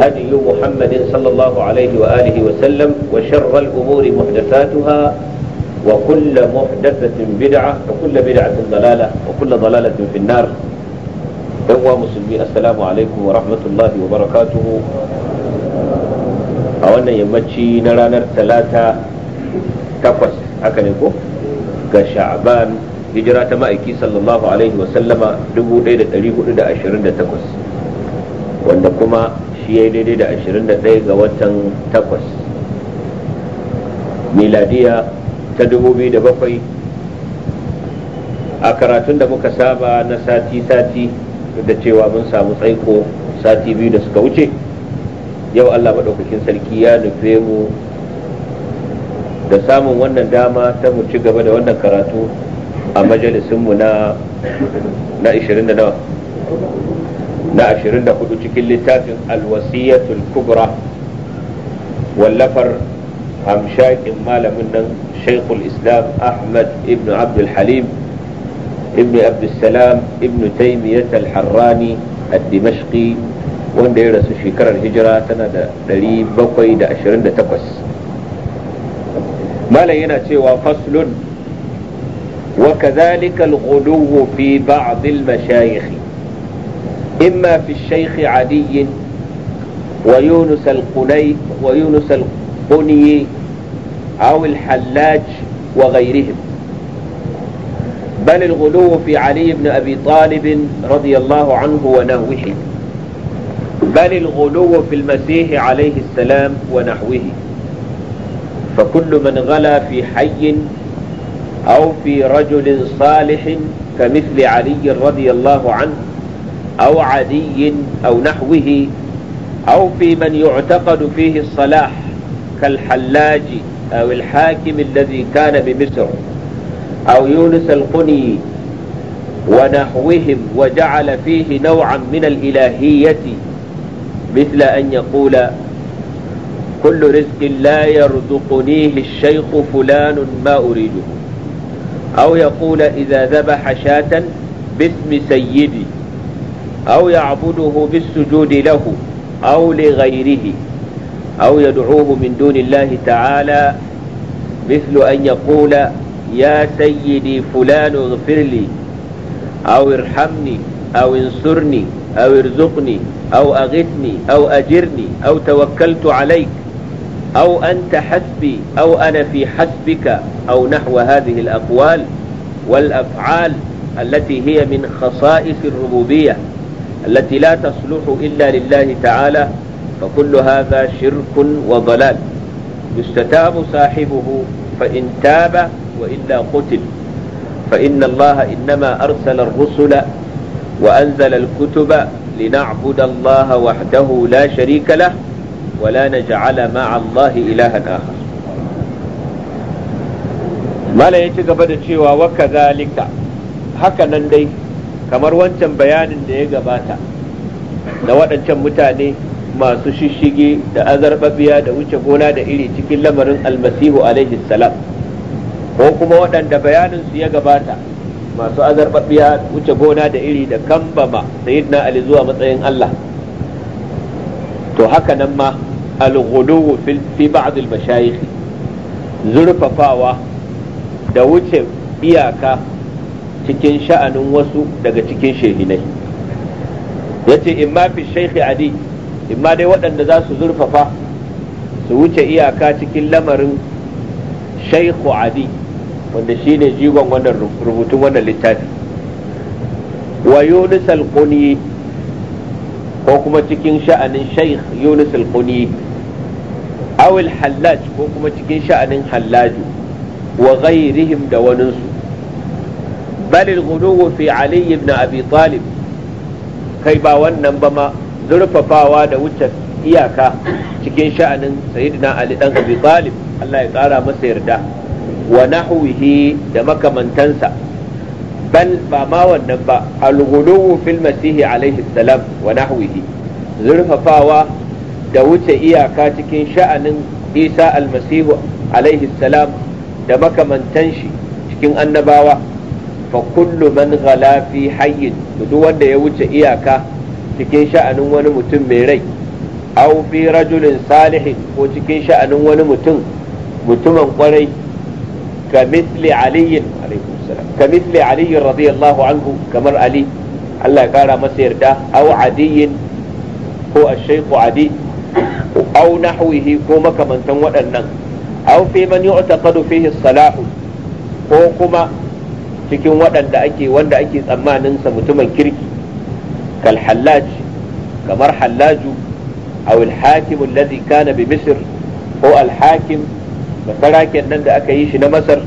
هدي محمد صلى الله عليه وآله وسلم وشر الأمور محدثاتها وكل محدثة بدعة وكل بدعة ضلالة وكل ضلالة في النار يوم مسلمي السلام عليكم ورحمة الله وبركاته أولا يمتشي نرانا ثلاثة تقص أكنكو كشعبان هجرة مائكي صلى الله عليه وسلم دبو ليلة أليه 128 wanda kuma shi ya yi daidai da 21 ga watan 8 miladiya ta dubu biyu da 2007 a karatun da muka saba na sati-sati da cewa mun samu tsaiko sati biyu da suka wuce yau allah maɗaukakin sarki ya nufe mu da samun wannan dama ta mu ci gaba da wannan karatu a majalisinmu na 20 da na 24 cikin littafin alwasiyatul kubra wallafar hamshakin malamin nan shaikhul islam ahmad ibn abdul halim ibn abdulsalam ibn taimiyyat al-harrani dimashqi wanda ya rasu shekarar hijira tana da 728 malam yana cewa faslun وكذلك الغلو في بعض المشايخ إما في الشيخ عدي ويونس القني ويونس القني أو الحلاج وغيرهم بل الغلو في علي بن أبي طالب رضي الله عنه ونهوه بل الغلو في المسيح عليه السلام ونحوه فكل من غلا في حي أو في رجل صالح كمثل علي رضي الله عنه أو عدي أو نحوه أو في من يعتقد فيه الصلاح كالحلاج أو الحاكم الذي كان بمصر أو يونس القني ونحوهم وجعل فيه نوعا من الإلهية مثل أن يقول كل رزق لا يرزقنيه الشيخ فلان ما أريده أو يقول إذا ذبح شاة باسم سيدي أو يعبده بالسجود له أو لغيره أو يدعوه من دون الله تعالى مثل أن يقول يا سيدي فلان اغفر لي أو ارحمني أو انصرني أو ارزقني أو أغثني أو أجرني أو توكلت عليك أو أنت حسبي أو أنا في حسبك أو نحو هذه الأقوال والأفعال التي هي من خصائص الربوبية التي لا تصلح إلا لله تعالى فكل هذا شرك وضلال يستتاب صاحبه فإن تاب وإلا قتل فإن الله إنما أرسل الرسل وأنزل الكتب لنعبد الله وحده لا شريك له ولا نجعل مع الله إلها آخر ما لا يتقبل شيء وكذلك هكذا دي kamar wancan bayanin da ya gabata na waɗancan mutane masu shishige da azarbabiya da wuce gona da iri cikin lamarin almasihu alaihi salam ko kuma waɗanda bayanin su ya gabata masu azarbabiya wuce gona da iri da kambama sayyidina ali zuwa matsayin allah to haka nan ma alghudu fi ba'd al zurfafawa da wuce iyaka cikin sha'anin wasu daga cikin shehinai in ma fi shaikh adi In ma dai waɗanda za su zurfafa su wuce iyaka cikin lamarin shaikh adi wanda shi ne jigon wannan rubutun wannan littafi wa yunus al-quni ko kuma cikin sha'anin shaikh yunus al-quni Awil hallaj ko kuma cikin sha'anin hallaju wa ghairihim da waninsu balil gudu fi ali ibn abi kai ba wannan ba ma zurfafawa da wuce iyaka cikin sha'anin sayyidina ali dan abi Allah ya kara masa yarda wa nahwihi da makamantansa ba ma wannan ba al-ghuluw fil masih alaihi da wuce iyaka cikin sha'anin isa al-masih da makamantan shi cikin annabawa fa kullu man ghala fi hayyin duk wanda ya wuce iyaka cikin sha'anin wani mutum mai rai aw fi rajulin salihin ko cikin sha'anin wani mutum mutumin kwarai ka misli aliyin ka misli aliyin radiyallahu anhu kamar ali Allah ya kara masa yarda aw adiyin ko ashaiku adi aw nahwihi ko makamantan waɗannan aw fi man salahu ko kuma cikin waɗanda ake wanda ake tsammanin sa mutumin kirki kal hallaj kamar hallaju aw al hakim alladhi kana bi misr ko al hakim da saraken nan da aka yi shi na masar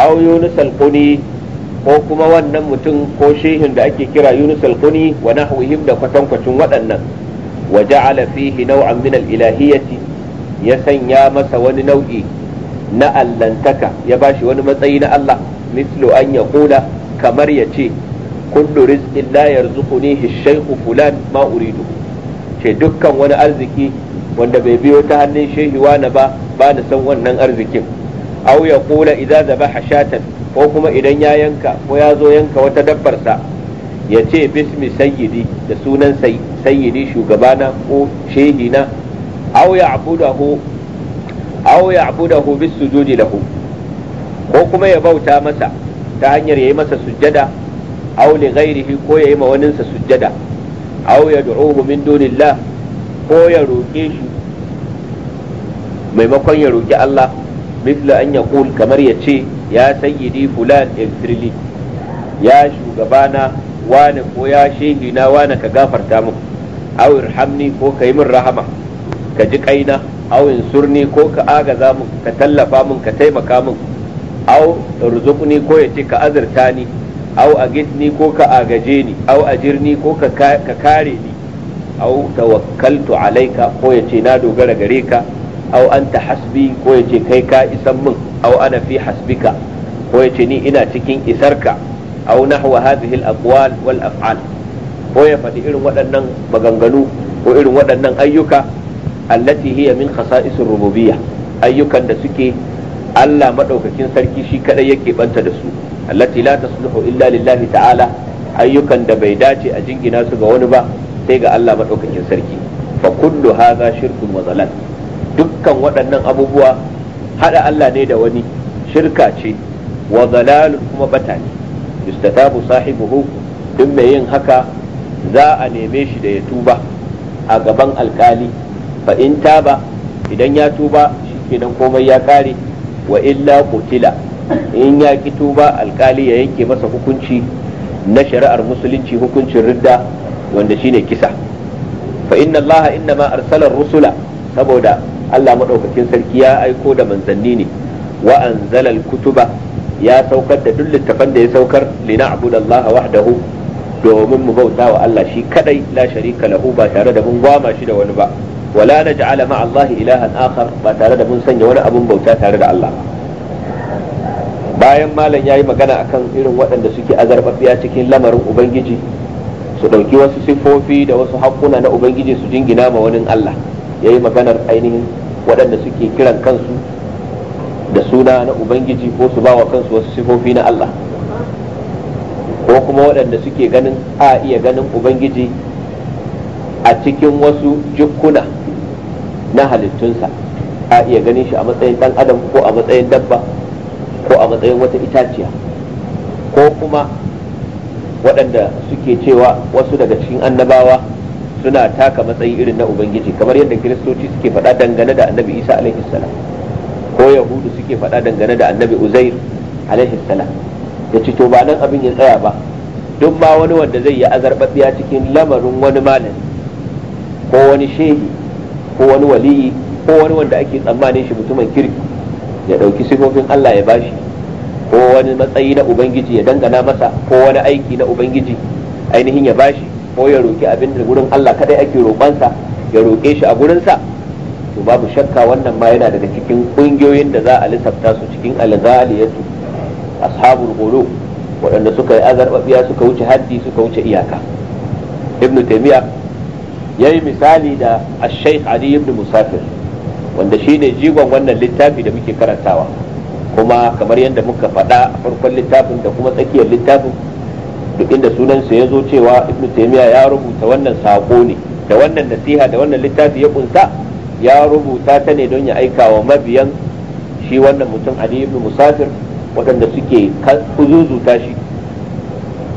aw yunus al ko kuma wannan mutum ko shehin da ake kira yunus al quni wa nahwihim da kwatankwacin waɗannan wa ja'ala fihi naw'an min al ilahiyyati ya sanya masa wani nau'i na allantaka ya bashi wani matsayi na Allah mislu an ya kula kamar ya ce kullu rizqin la yarzuqunihi shaykhu fulan ma uridu ce dukkan wani arziki wanda bai biyo ta hannun shehi wani ba ba da san wannan arzikin aw ya kula idza zabaha shatan ko kuma idan ya yanka ko ya zo yanka wata dabbar sa ya ce bismi sayyidi da sunan sayyidi shugabana ko shehina aw ya abudahu aw ya abudahu bis sujudi lahu ko kuma ya bauta masa ta hanyar yayi masa sujjada aw li ghairihi ko yayi ma sa sujjada aw yad'uhu min dunillah ko ya roke shi maimakon ya roki Allah misla an yaqul kamar ya ce ya sayyidi fulan ighfirli ya shugabana wani ko ya shehina wani ka gafarta min aw irhamni ko kai min rahama ka ji kaina aw insurni ko ka agaza min ka tallafa min ka taimaka min au ruzukni ko ya ce ka azurta ni au agitni ko ka agaje ni au ajirni ko ka kare ni au tawakkaltu alaika ko ya ce na dogara gare ka au anta hasbi ko ya ce kai ka isan min au ana fi hasbika ko ya ce ni ina cikin isarka au nahwa hadhihi al-aqwal wal af'al ko ya faɗi irin waɗannan maganganu ko irin waɗannan ayyuka allati hiya min khasa'isir rububiyya ayyukan da suke Allah madaukakin sarki shi kadai yake banta da su allati la tasluhu illa lillahi ta'ala ayyukan da bai dace a jingina su ga wani ba sai ga Allah madaukakin sarki fa kullu hadha shirkun wa zalal dukkan waɗannan abubuwa hada Allah ne da wani shirka ce wa zalalun kuma bata ne yustatabu sahibuhu duk mai yin haka za a neme shi da ya tuba a gaban alkali fa in taba idan ya tuba shikenan komai ya kare wa illa qutila in ya ki ba alkali ya yanke masa hukunci na shari'ar musulunci hukuncin ridda wanda shine kisa fa inna Allah inna ma arsalar rusula saboda Allah maɗaukacin sarki ya aiko da manzanni ne wa anzala kutuba ya saukar da duk littafan da ya saukar lina abudallaha wahdahu domin mu bauta wa Allah shi kadai la sharika lahu ba tare da mun gwama shi da wani ba wala naj'ala ma'a Allah ilahan akhar ba tare da mun sanya wani abun bauta tare da Allah bayan malam ya yi magana akan irin waɗanda suke azarbabiya cikin lamarin ubangiji su ɗauki wasu siffofi da wasu haƙuna na ubangiji su jingina ma wani Allah yayi maganar ainihin waɗanda suke kiran kansu da suna na ubangiji ko su bawa kansu wasu sifofi na Allah ko kuma waɗanda suke ganin a iya ganin ubangiji a cikin wasu jukkuna na halittunsa a iya ganin shi a matsayin dan adam ko a matsayin dabba ko a matsayin wata itaciya ko kuma waɗanda suke cewa wasu daga cikin annabawa suna taka matsayi irin na ubangiji kamar yadda kiristoci suke faɗa dangane da annabi isa alaihi salam ko yahudu suke faɗa dangane da annabi uzair alaihi salam ya ci ba nan abin ya tsaya ba duk ma wani wanda zai yi azarbaɓiya cikin lamarin wani malami ko wani shehi ko wani waliyi ko wani wanda ake tsammanin shi mutumin kirki ya ɗauki sifofin Allah ya bashi ko wani matsayi na ubangiji ya dangana masa ko wani aiki na ubangiji ainihin ya bashi ko ya roki abin da gurin Allah kadai ake roƙonsa ya roƙe shi a gurin sa to babu shakka wannan ma yana daga cikin ƙungiyoyin da za a lissafta su cikin alzaliyatu ashabul ghulu waɗanda suka yi azarbabiya suka wuce haddi suka wuce iyaka ibnu taymiyyah ya yi misali da ashaikh ali ibn musafir wanda shi ne jigon wannan littafi da muke karantawa kuma kamar yadda muka faɗa a farkon littafin da kuma tsakiyar littafin duk inda sunansa ya zo cewa ibn taimiyya ya rubuta wannan saƙo ne da wannan nasiha da wannan littafi ya kunsa ya rubuta ta ne don ya aika wa mabiyan shi wannan mutum ali ibn musafir waɗanda suke kuzuzuta shi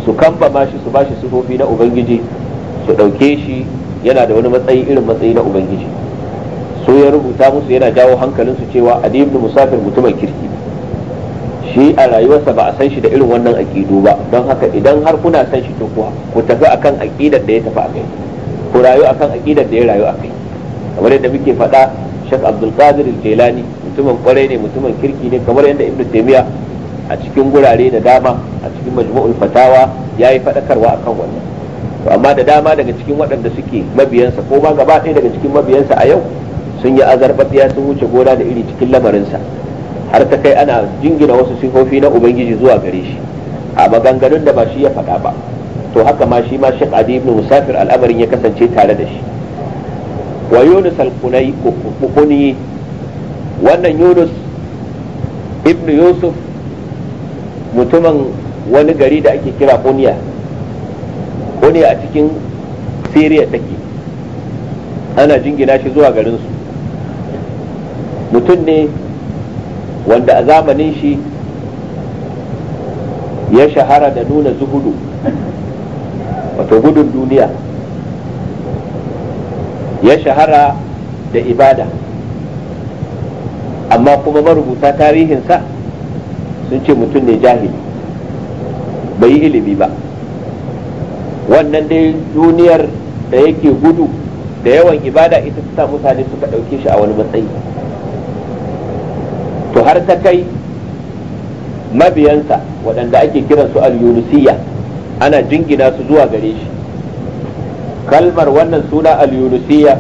su kamba ma shi su ba shi sufofi na ubangiji su ɗauke shi yana da wani matsayi irin matsayi na ubangiji so ya rubuta musu yana jawo hankalin su cewa adi ibn musafir mutumin kirki shi a rayuwarsa ba a san shi da irin wannan aƙidu ba don haka idan har kuna san shi to kuwa ku tafi akan aƙidar da ya tafi akai ku rayu akan aƙidar da ya rayu akai kamar yadda muke faɗa Sheikh Abdul Qadir al jilani mutumin kwarai ne mutumin kirki ne kamar yadda Ibn Taymiyyah a cikin gurare da dama a cikin Majmu'ul Fatawa yayi faɗakarwa akan wannan to amma da dama daga cikin waɗanda suke mabiyansa ko ma gaba ɗaya daga cikin mabiyansa a yau sun yi azarbabiya sun wuce gona da iri cikin lamarinsa har ta kai ana jingina wasu sifofi na ubangiji zuwa gare shi a maganganun da ba shi ya faɗa ba to haka ma shi ma shek Adi ibn Musafir al'amarin ya kasance tare da shi wa Yunus al-Qunai wannan Yunus ibn Yusuf mutumin wani gari da ake kira kuniya. ne a cikin siriya take ana jingina shi zuwa garinsu mutum ne wanda a zamanin shi ya shahara da nuna zuhudu wato gudun duniya ya shahara da ibada amma kuma marubuta tarihinsa sun ce mutum ne jahili bai yi ilimi ba wannan dai duniyar da yake gudu da yawan ibada ita ta mutane suka ɗauke shi a wani matsayi to har ta kai mabiyansa waɗanda ake kiransu al-yunusiya ana jingina su zuwa gare shi kalmar wannan suna al-yunusiya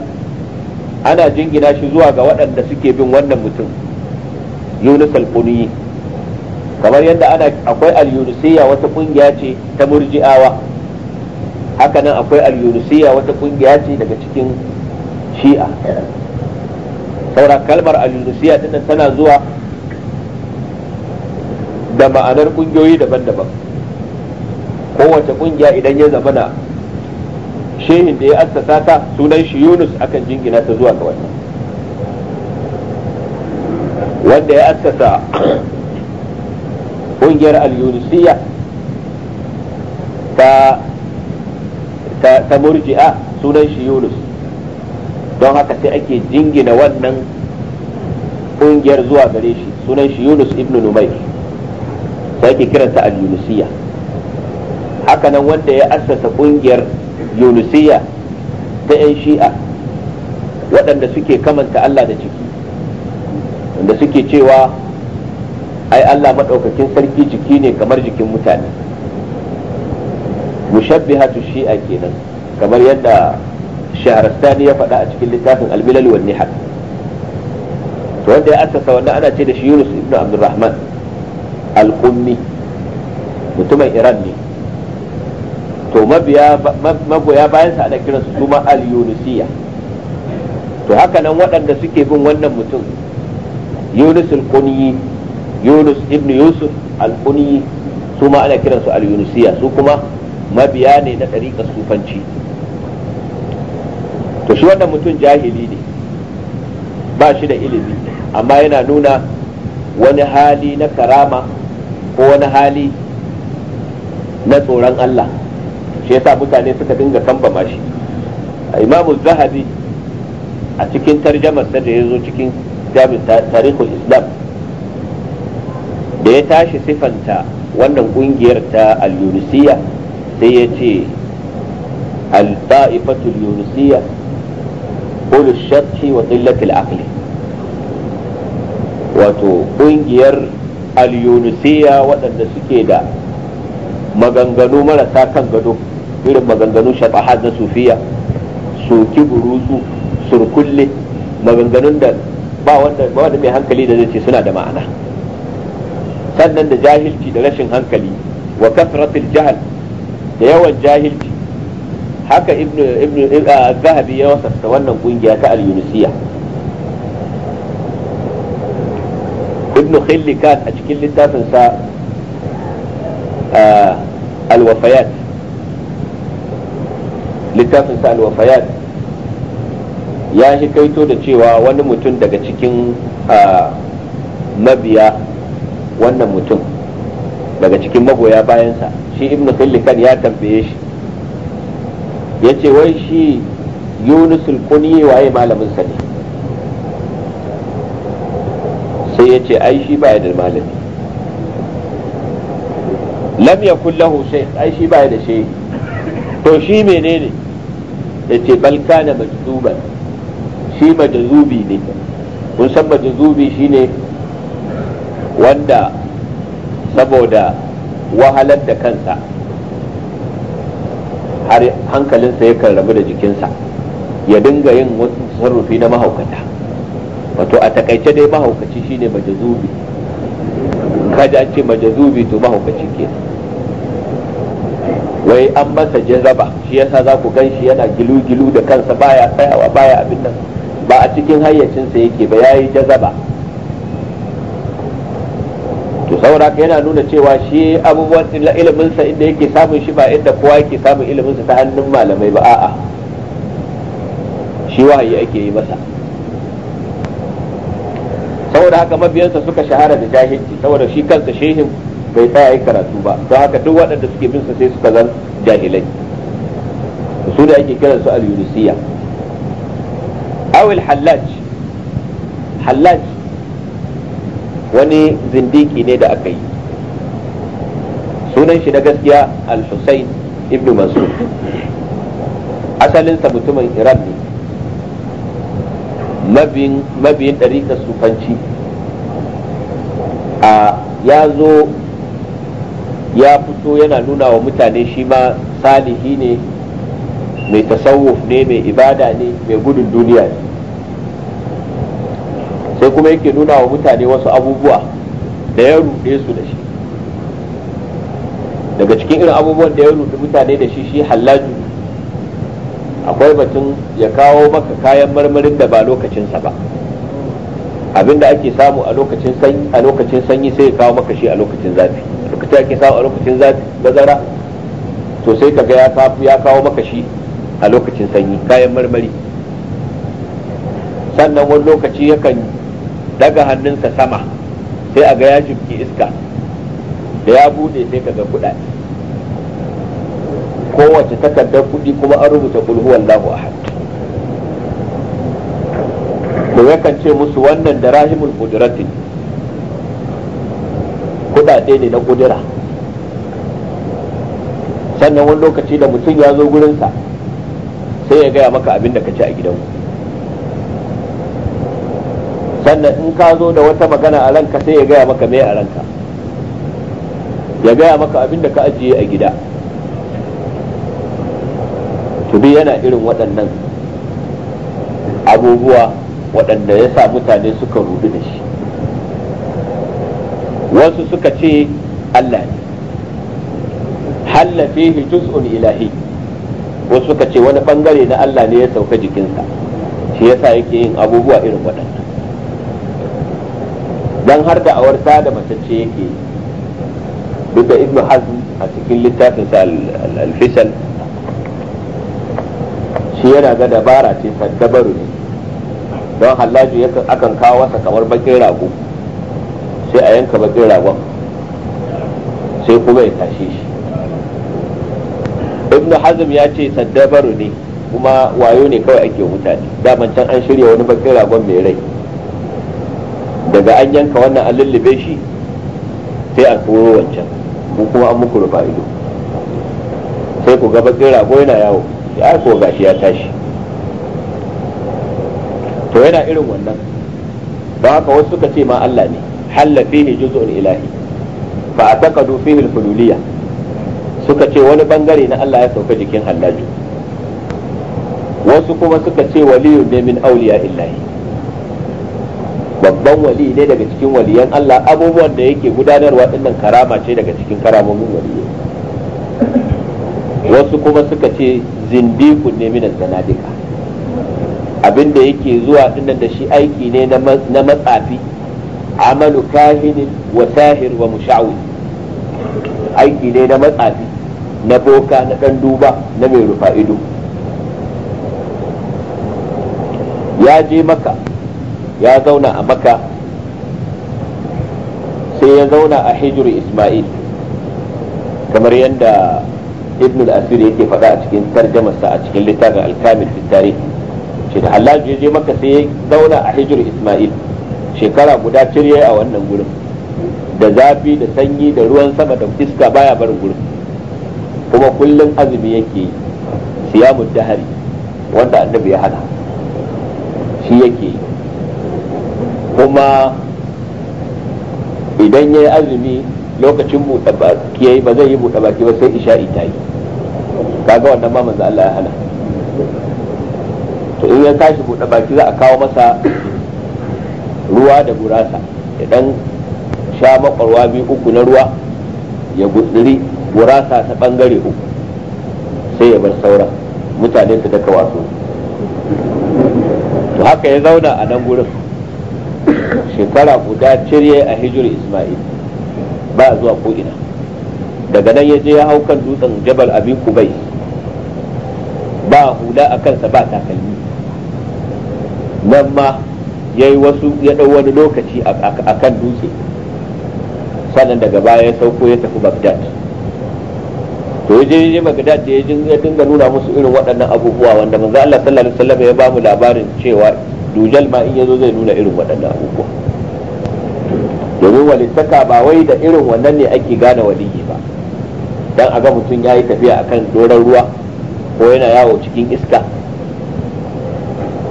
ana jingina shi zuwa ga waɗanda suke bin wannan mutum yunus al kamar yadda ana akwai al-yunusiya wata ƙungiya ce ta murji'awa haka nan akwai al-yunusiya wata kungiya ce daga cikin shi'a saura kalmar al-yunusiya din tana zuwa da ma'anar kungiyoyi daban-daban kowace kungiya idan ya zama na shehin da ya assasa ta sunan shi yunus akan jingina ta zuwa ga wannan wanda ya assasa kungiyar al-yunusiya ta ta murji'a sunan shi yunus don haka sai ake jingina wannan ƙungiyar zuwa gare shi sunan shi yunus ibn numai sai ake kiranta al-yunusiya nan wanda ya assasa ƙungiyar yunusiya ta 'yan shi'a waɗanda suke kamanta allah da ciki wanda suke cewa ai allah maɗaukakin sarki jiki ne kamar jikin mutane mushabbihatu shi'a kenan kamar yadda shaharastani ya faɗa a cikin littafin al-milal wan nihal to wanda ya assasa wannan ana ce da shi Yunus ibn Abdurrahman al-Qummi mutumin Iran ne to mabiya magoya bayan sa ana kiransu su ma al-Yunusiyya to haka nan waɗanda suke bin wannan mutum Yunus al-Qunyi Yunus ibn Yusuf al-Qunyi su ma ana kiransu al-Yunusiyya su kuma mabiya ne na ɗariƙar sufanci to shi wannan mutum jahili ne ba shi da ilimi amma yana nuna wani hali na karama ko wani hali na tsoron Allah shi yasa mutane suka dinga kambama shi imamu zahabi a cikin tarjamar da ya zo cikin jami'in tarihul islam da ya tashi sifanta wannan kungiyar ta al sai ya ce al-ta'ifatul yunusiyya ulu shakki wa qillatil aqli wato kungiyar al-yunusiyya waɗanda suke da maganganu marasa kan gado irin maganganu shafahat na sufiya soki burutsu surkulle maganganun da ba wanda ba wanda mai hankali da zai ce suna da ma'ana sannan da jahilci da rashin hankali wa kasratil jahal da yawan jahilci haka ibn ah, zahabi ya wasafta wannan kungiya ta al yunusiya ibn khillikat a cikin littafinsa ah, al-wafayat littafinsa al-wafayat ya shi da cewa wani mutum daga cikin ah, mabiya wannan mutum daga cikin magoya bayansa shi ibn khillikan ya tambaye shi ya ce wai shi yunus kuni waye malamin sa ne sai ya ce ai shi baya da malami lam ya kullahu shay ai shi baya da shay to shi menene yace bal kana majzuban shi majzubi ne kun san majzubi shine wanda saboda wahalar da kansa har hankalinsa ya rabu da jikinsa ya dinga yin wasu sarrufi na mahaukata wato a takaice dai mahaukaci shine majazubi kaji an ce majazubi to mahaukaci ke wai an masa jazaba shi yasa za ku gan shi yana gilu-gilu da kansa baya tsayawa baya abin nan ba a cikin hayyacinsa yake ba ya yi jazaba saboda haka yana nuna cewa shi abubuwan ilimin inda yake samun shi ba inda kowa yake samun ilimin ta hannun malamai ba a'a shi wahayi ake yi masa saboda haka mabiyansa suka shahara da jahilci saboda shi kansa shehin bai tsaya yi karatu ba don haka duk waɗanda suke bin sai suka zan jahilai su da ake kiransu al-yunisiya awil hallaj hallaj wani zindiki ne da aka yi sunan shi na gaskiya al-husayn ibn mansur asalinsa mutumin iran ne mabiyin ɗariƙar sufanci a ya zo ya fito yana nuna wa mutane shi ma salihi ne mai tasawuf ne mai ibada ne mai gudun duniya ne sai kuma yake nuna wa mutane wasu abubuwa da ya ruɗe su da shi daga cikin irin abubuwan da ya ruɗe mutane da shi shi hallaju akwai batun ya kawo maka kayan marmarin da ba lokacinsa ba abinda ake samu a lokacin sanyi a lokacin sanyi sai ya kawo maka shi a lokacin zafi lokacin ake samu a lokacin zafi bazara to sai kaga ya ya kawo maka shi a lokacin sanyi kayan marmari sannan wani lokaci yakan daga hannunsa sama sai a ga ya jibki iska da ya bude sai ka ga kuɗaɗe kowace takardar kuɗi kuma an rubuta a hannu to yakan ce musu wannan da rahimul kudurati kuɗaɗe ne na kudura sannan wani lokaci da mutum ya zo gurinsa sai ya gaya maka abin da ka ci a gidanku sannan in ka zo da wata magana a ranka sai ya gaya maka mai a ranka ya gaya maka abin da ka ajiye a gida tubi yana irin waɗannan abubuwa waɗanda ya sa mutane suka rudu da shi wasu suka ce Allah ne Hallafi fihi juz'un ilahi wasu suka ce wani ɓangare na Allah ne ya sauka jikinsa shi yasa yake yin abubuwa irin waɗannan dan har da awar ta da matacce yake duk da ibnu hazm a cikin littafin sa al-fisal shi yana ga dabara ce dabaru ne don hallaju akan kawo wasa kamar bakin rago sai a yanka bakin ragon sai kuma ya tashe shi ibnu hazm ya ce sadabaru ne kuma wayo ne kawai ake mutane daman can an shirya wani bakin ragon mai rai daga an yanka wannan an lullube shi sai a koro wancan ko kuma an muku rufa ido sai ku gaba bakin ko yana yawo ya ko gashi ya tashi to yana irin wannan don haka wasu suka ce ma Allah ne halla fihi juz'un ilahi fa ataqadu fihi al-hululiyya suka ce wani bangare na Allah ya sauka jikin hallaju wasu kuma suka ce waliyun ne min awliya illahi babban wali ne daga cikin waliyan Allah abubuwan da yake gudanarwa dinnan karama ce daga cikin karamomin waliyai wasu kuma suka ce zindiku ne minan zanadika abin da yake zuwa dinnan da shi aiki ne na matsafi amalu kahinin wa sahir wa mushawi aiki ne na matsafi na boka na ɗan duba na mai rufa ido ya je maka ya zauna a maka sai ya zauna a hijir ismail kamar yadda ibn al-asir yake faɗa a cikin tarjamarsa a cikin littafin al-kamil fi tarikh ce da ya je maka sai ya zauna a hijir ismail shekara guda cirye a wannan gurin da zafi da sanyi da ruwan sama da iska baya barin gurin kuma kullum azumi yake yi siyamun dahari wanda annabi ya hana shi yake yi kuma idan ya yi azumi lokacin buɗe baki ya yi ba zai yi buɗe baki ba sai isha'i ta yi kaga wannan ma manzo Allah ya hana to in ya tashi buɗe baki za a kawo masa ruwa da gurasa ya dan sha makwarwa biyu uku na ruwa ya gutsiri gurasa ta bangare uku sai ya bar saura mutane su daka wasu to haka ya zauna a nan gurin shekara guda cire a hijir isma'il ba zuwa ko ina daga nan ya je ya hau kan dutsen jabal abi kubai ba hula a kansa ba takalmi nan ma ya yi wasu ya ɗau wani lokaci a kan dutse sannan daga baya ya sauko ya tafi bagdad to ya je ya je bagdad da ya dinga nuna musu irin waɗannan abubuwa wanda manzo Allah sallallahu alaihi wasallam ya ba mu labarin cewa dujal ma in yazo zai nuna irin waɗannan abubuwa domin walittaka ba wai da irin wannan ne ake gane waliyi ba dan a ga mutum ya yi tafiya a kan doron ruwa ko yana yawo cikin iska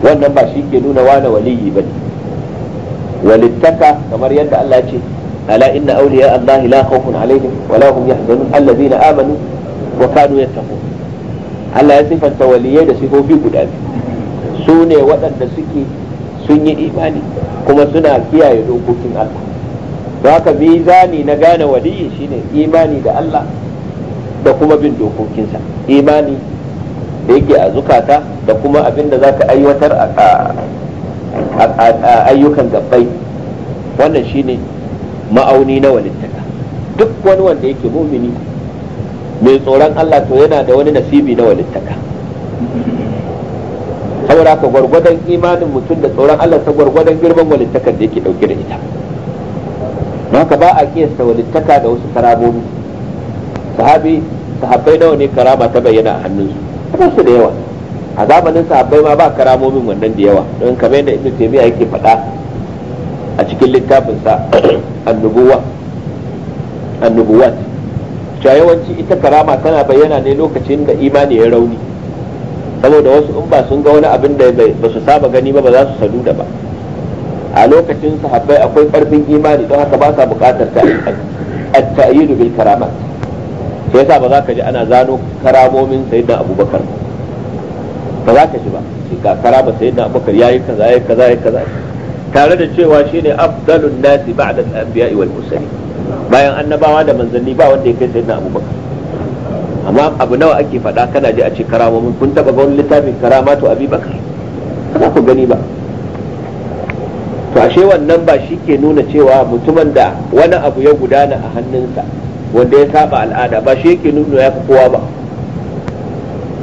wannan ba shi ke nuna wane waliyi ba ne walittaka kamar yadda Allah ce ala inna awliya Allah la khawfun alaihim wa la hum yahzanun allazina amanu wa kanu yattaqun Allah ya sifanta waliyai da sifofi guda biyu su ne waɗanda suke sun yi imani kuma suna kiyaye dokokin Allah da haka mizani na gane waliyi shine imani da Allah da kuma bin dokokinsa imani da yake a zukata da kuma abin da zaka aiwatar a ayyukan gabbai wannan shine ma'auni na walittaka duk wani wanda yake mumini mai tsoron Allah to yana da wani nasibi na walittaka saboda ka gwargwadon imanin mutum da tsoron Allah ta gwargwadon girman walittakar da yake dauke da ita don ba a kiyasta walittaka da wasu karamomi sahabi sahabbai nawa ne karama ta bayyana a hannunsu ba su da yawa a zamanin sahabbai ma ba karamomin wannan da yawa don kamar yadda ibnu taymiya yake faɗa a cikin littafin sa annubuwa annubuwat cewa yawanci ita karama tana bayyana ne lokacin da imani ya rauni saboda wasu in ba sun ga wani abin da ba su saba gani ba ba za su da ba a lokacin sahabbai akwai karfin imani don haka ba sa buƙatar at-ta'yidu bil karamat sai yasa ba za ka ji ana zano karamomin sayyidina abubakar ba za ka ji ba shi ka karama sayyidina abubakar yayi kaza yayi kaza yayi kaza tare da cewa shine afdalun nasi ba'da al-anbiya'i wal mursalin bayan annabawa da manzanni ba wanda ya kai sayyidina abubakar amma abu nawa ake faɗa kana ji a ce karamomin kun taɓa ga wani littafin karamatu abubakar ba ku gani ba to ashe wannan ba shi ke nuna cewa mutumin da wani abu ya gudana a hannunsa wanda ya saba al'ada ba shi yake nuna ya fi kowa ba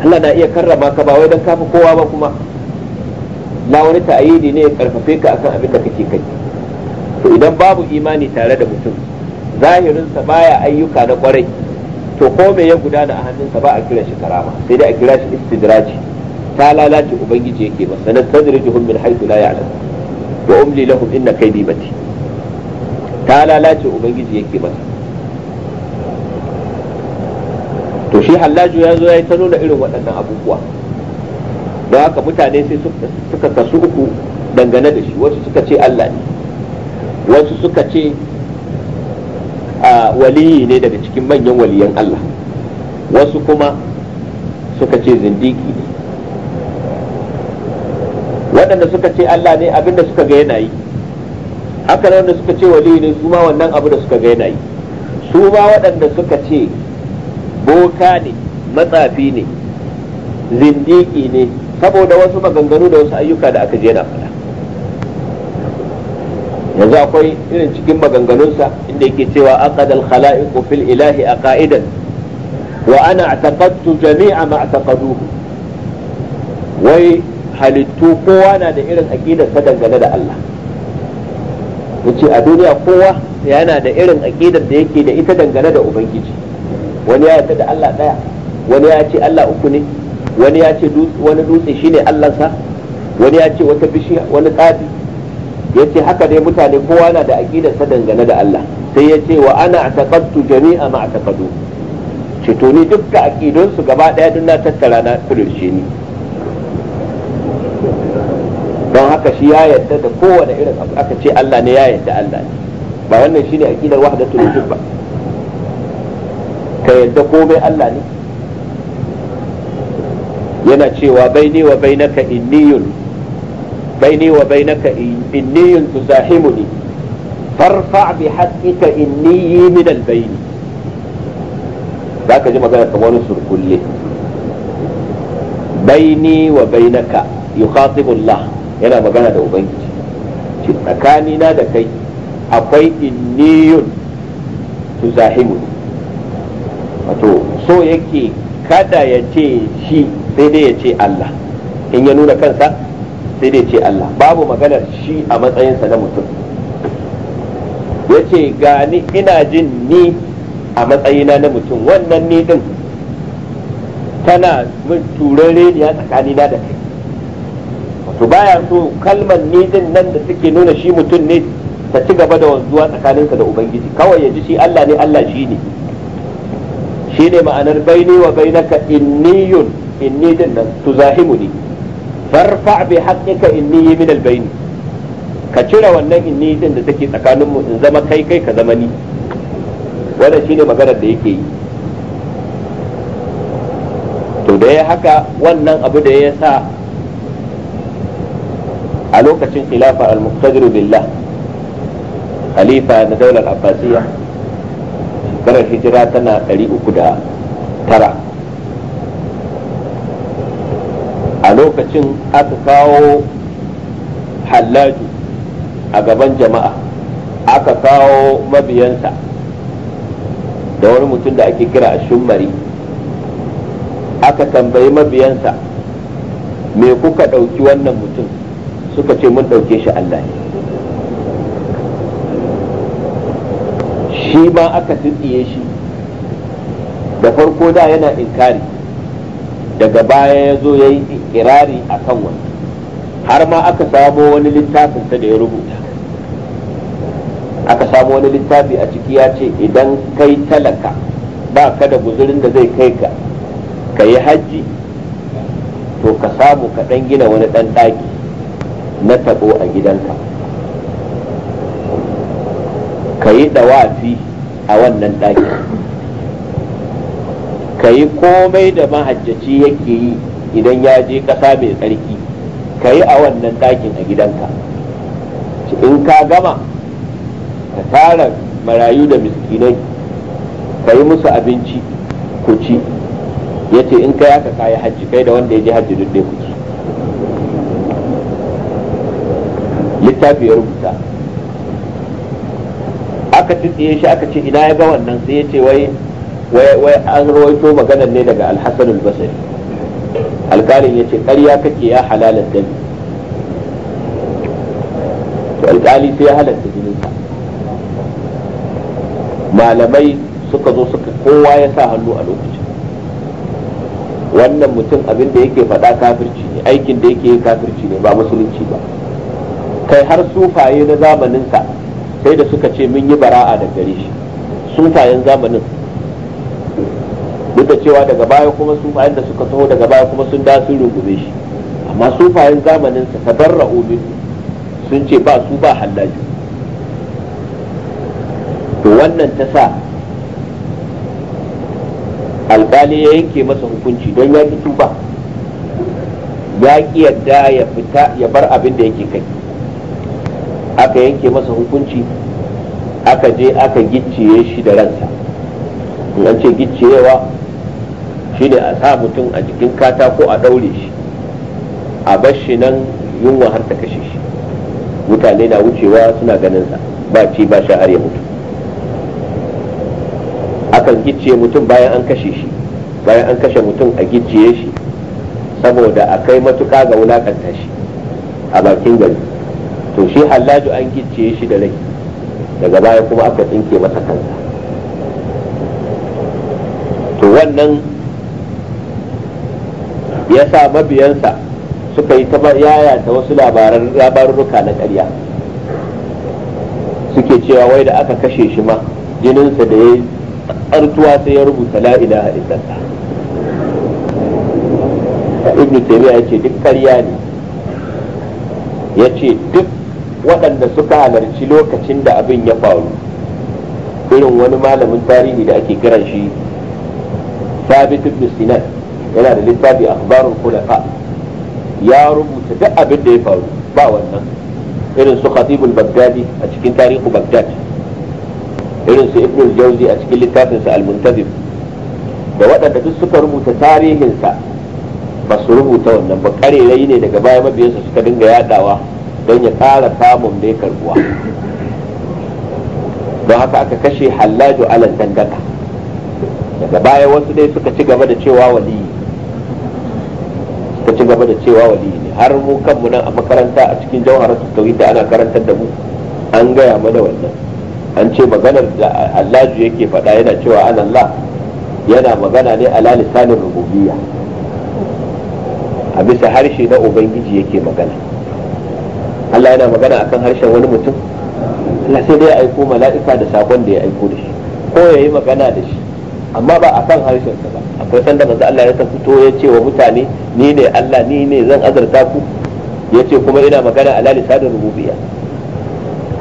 Allah na iya karrama ka ba wai don kafi kowa ba kuma na wani ta'ayidi ne ya karfafe ka akan abin da kake kai to idan babu imani tare da mutum zahirinsa baya ayyuka na kwarai to ko me ya gudana a hannunsa ba a kira shi karama sai dai a kira shi istidraji ta lalace ubangiji yake masa na tadrijuhum min haythu la ya'lam wa umli lahum inna kaidi mati ta lalace ubangiji yake masa to shi hallaju ya zo ya yi ta nuna irin waɗannan abubuwa da haka mutane sai suka kasu uku dangane da shi wasu suka ce Allah ne wasu suka ce waliyi ne daga cikin manyan waliyan Allah wasu kuma suka ce zindiki ne waɗanda suka ce Allah ne abin da suka ga yana yi haka suka ce wali ne su ma wannan abu da suka ga yana yi su ma waɗanda suka ce boka ne matsafi ne zindiki ne saboda wasu maganganu da wasu ayyuka da aka je na faɗa yanzu akwai irin cikin maganganunsa inda yake cewa al khala'iqu fil ilahi aqaidan wa ana a'taqadtu jami'a ma a'taqaduhu wai halittu kowa na da irin aqidar ta dangane da Allah yace a duniya kowa yana da irin aqidar da yake da ita dangane da ubangiji wani ya yarda da Allah ɗaya wani ya ce Allah uku ne wani ya ce wani dutse shine sa, wani ya ce wata bishiya wani tsafi yace haka dai mutane kowa na da aqidar sa dangane da Allah sai ya ce wa ana taqattu jami'a ma taqadu ce to ni dukkan aƙidunsu gaba ɗaya duk na tattara na kullu ni don haka shi ya yadda da kowane irin abu aka ce Allah ne ya yadda Allah ne ba wannan shine aqidar wahdatul wujud ba ka yadda komai Allah ne yana cewa baini wa bainaka inniyun baini wa bainaka inniyun tuzahimuni farfa bi haqqika inniyyi min al-bayn zaka ji magana kamar wani surkulle baini wa bainaka yukhatibu Allah yana magana da ubangiji ce tsakani na da kai akwai inniyun zahimu wato so yake kada ya ce shi sai dai ya ce Allah in ya nuna kansa sai dai ce Allah babu maganar shi a matsayinsa na mutum ya ce gani ina jin ni a matsayina na mutum wannan ni din tana turare ne a tsakanina da kai to baya so kalmar nidin din nan da suke nuna shi mutum ne ta ci gaba da wanzuwa tsakaninka da ubangiji kawai ya ji shi Allah ne Allah shi ne shi ne ma'anar baini wa bainaka inniyun inni din nan tuzahimuni farfa bi haqqika inni min albayni ka cire wannan inni din da take tsakanin mu in zama kai kai ka zama ni wannan shine maganar da yake yi to da ya haka wannan abu da ya sa a lokacin khilafa al billah khalifa na daular abbasiyya karar hijira tana 309 a lokacin aka kawo hallaju a gaban jama'a aka kawo mabiyansa da wani mutum da ake kira a shumari aka tambayi mabiyansa me kuka ɗauki wannan mutum suka ce mun ɗauke shi Allah ne shi ma aka tsitsiye shi da farko da yana inkari daga baya ya zo ya yi ikirari a kan wani har ma aka samo wani littafinsa da ya rubuta aka samo wani littafi a ciki ya ce idan kai talaka ba ka da guzurin da zai kai ka ka yi hajji to ka samu ka ɗan gina wani ɗan ɗaki na taɓo a gidanka ka yi dawafi a wannan ɗakin ka yi komai da mahajjaci yake yi idan ya je ƙasa mai tsarki ka yi a wannan ɗakin a gidanka in ka gama ka tara marayu da miskinai ka yi musu abinci ku ci ya ce in ka yaka kayi hajji kai da wanda ya je hajji duk ku littafi ya rubuta aka tutsiye shi aka ce ina ya ga wannan sai ya ce wai wai an rawaito maganar ne daga alhassan albasari alkalin ya ce ƙarya kake ya halalar dami to alkali sai ya halatta jininsa malamai suka zo suka kowa ya sa hannu a lokacin wannan mutum abin da yake faɗa kafirci ne aikin da yake kafirci ne ba musulunci ba kai har sufaye na zamaninka sai da suka ce mun yi bara'a da gare shi sufayen zamanin duk da cewa daga baya kuma sufayen da suka taho daga baya kuma sun da sun rungume shi amma sufayen zamanin sa tabarra'u min sun ce ba su ba hallaju to wannan ta sa albali ya yanke masa hukunci don ya ki tuba ya ki yadda ya fita ya bar abin da yake kai aka yanke masa hukunci aka je aka gicciye shi da ransa in ce gicciyewa shi ne a sa mutum a jikin katako a daure shi a bar shi nan yunwa har ta kashe shi mutane na wucewa suna ganin sa ba ci ba sha har ya mutu akan gicciye mutum bayan an kashe shi bayan an kashe mutum a gicciye shi saboda a kai matuka ga wulakanta shi a bakin gari to shi hallaju an gicce shi da rai daga baya kuma aka tsinke masa kansa to wannan ya sa mabiyansa suka yi ta yaya ta wasu labaran labarurruka na karya suke cewa wai da aka kashe shi ma jininsa da ya artuwa sai ya rubuta la'ila a illallah ibn taymiya ya ce duk ƙarya ne ya ce duk waɗanda suka halarci lokacin da abin ya faru irin wani malamin tarihi da ake kiran shi sabit ibn sinan yana da littafi akhbarul khulafa ya rubuta duk abin da ya faru ba wannan irin su khatibul baghdadi a cikin tarihu baghdad irin su ibn jauzi a cikin littafinsa al-muntabib da waɗanda duk suka rubuta tarihinsa ba su rubuta wannan ba karerai ne daga baya mabiyansa suka dinga yadawa don ya ƙara samun dai karbuwa don haka aka kashe hallaju alal dangaka daga baya wasu dai suka ci gaba da cewa waliyi suka ci gaba da cewa waliyi ne har mu kanmu nan a makaranta a cikin jawharar tauhid da ana karantar da mu an gaya mana wannan an ce maganar da allaju yake faɗa yana cewa anallah yana magana ne a lalisanin rububiyya a bisa harshe na ubangiji yake magana Allah yana magana akan harshen wani mutum Allah sai dai ya aiko mala'ika da sakon da ya aiko da shi ko ya yi magana da shi amma ba a kan harshen sa ba akwai sanda manzo Allah ya tafi to ya ce wa mutane ni ne Allah ni ne zan azurta ku ya ce kuma ina magana ala lisanin rububiyya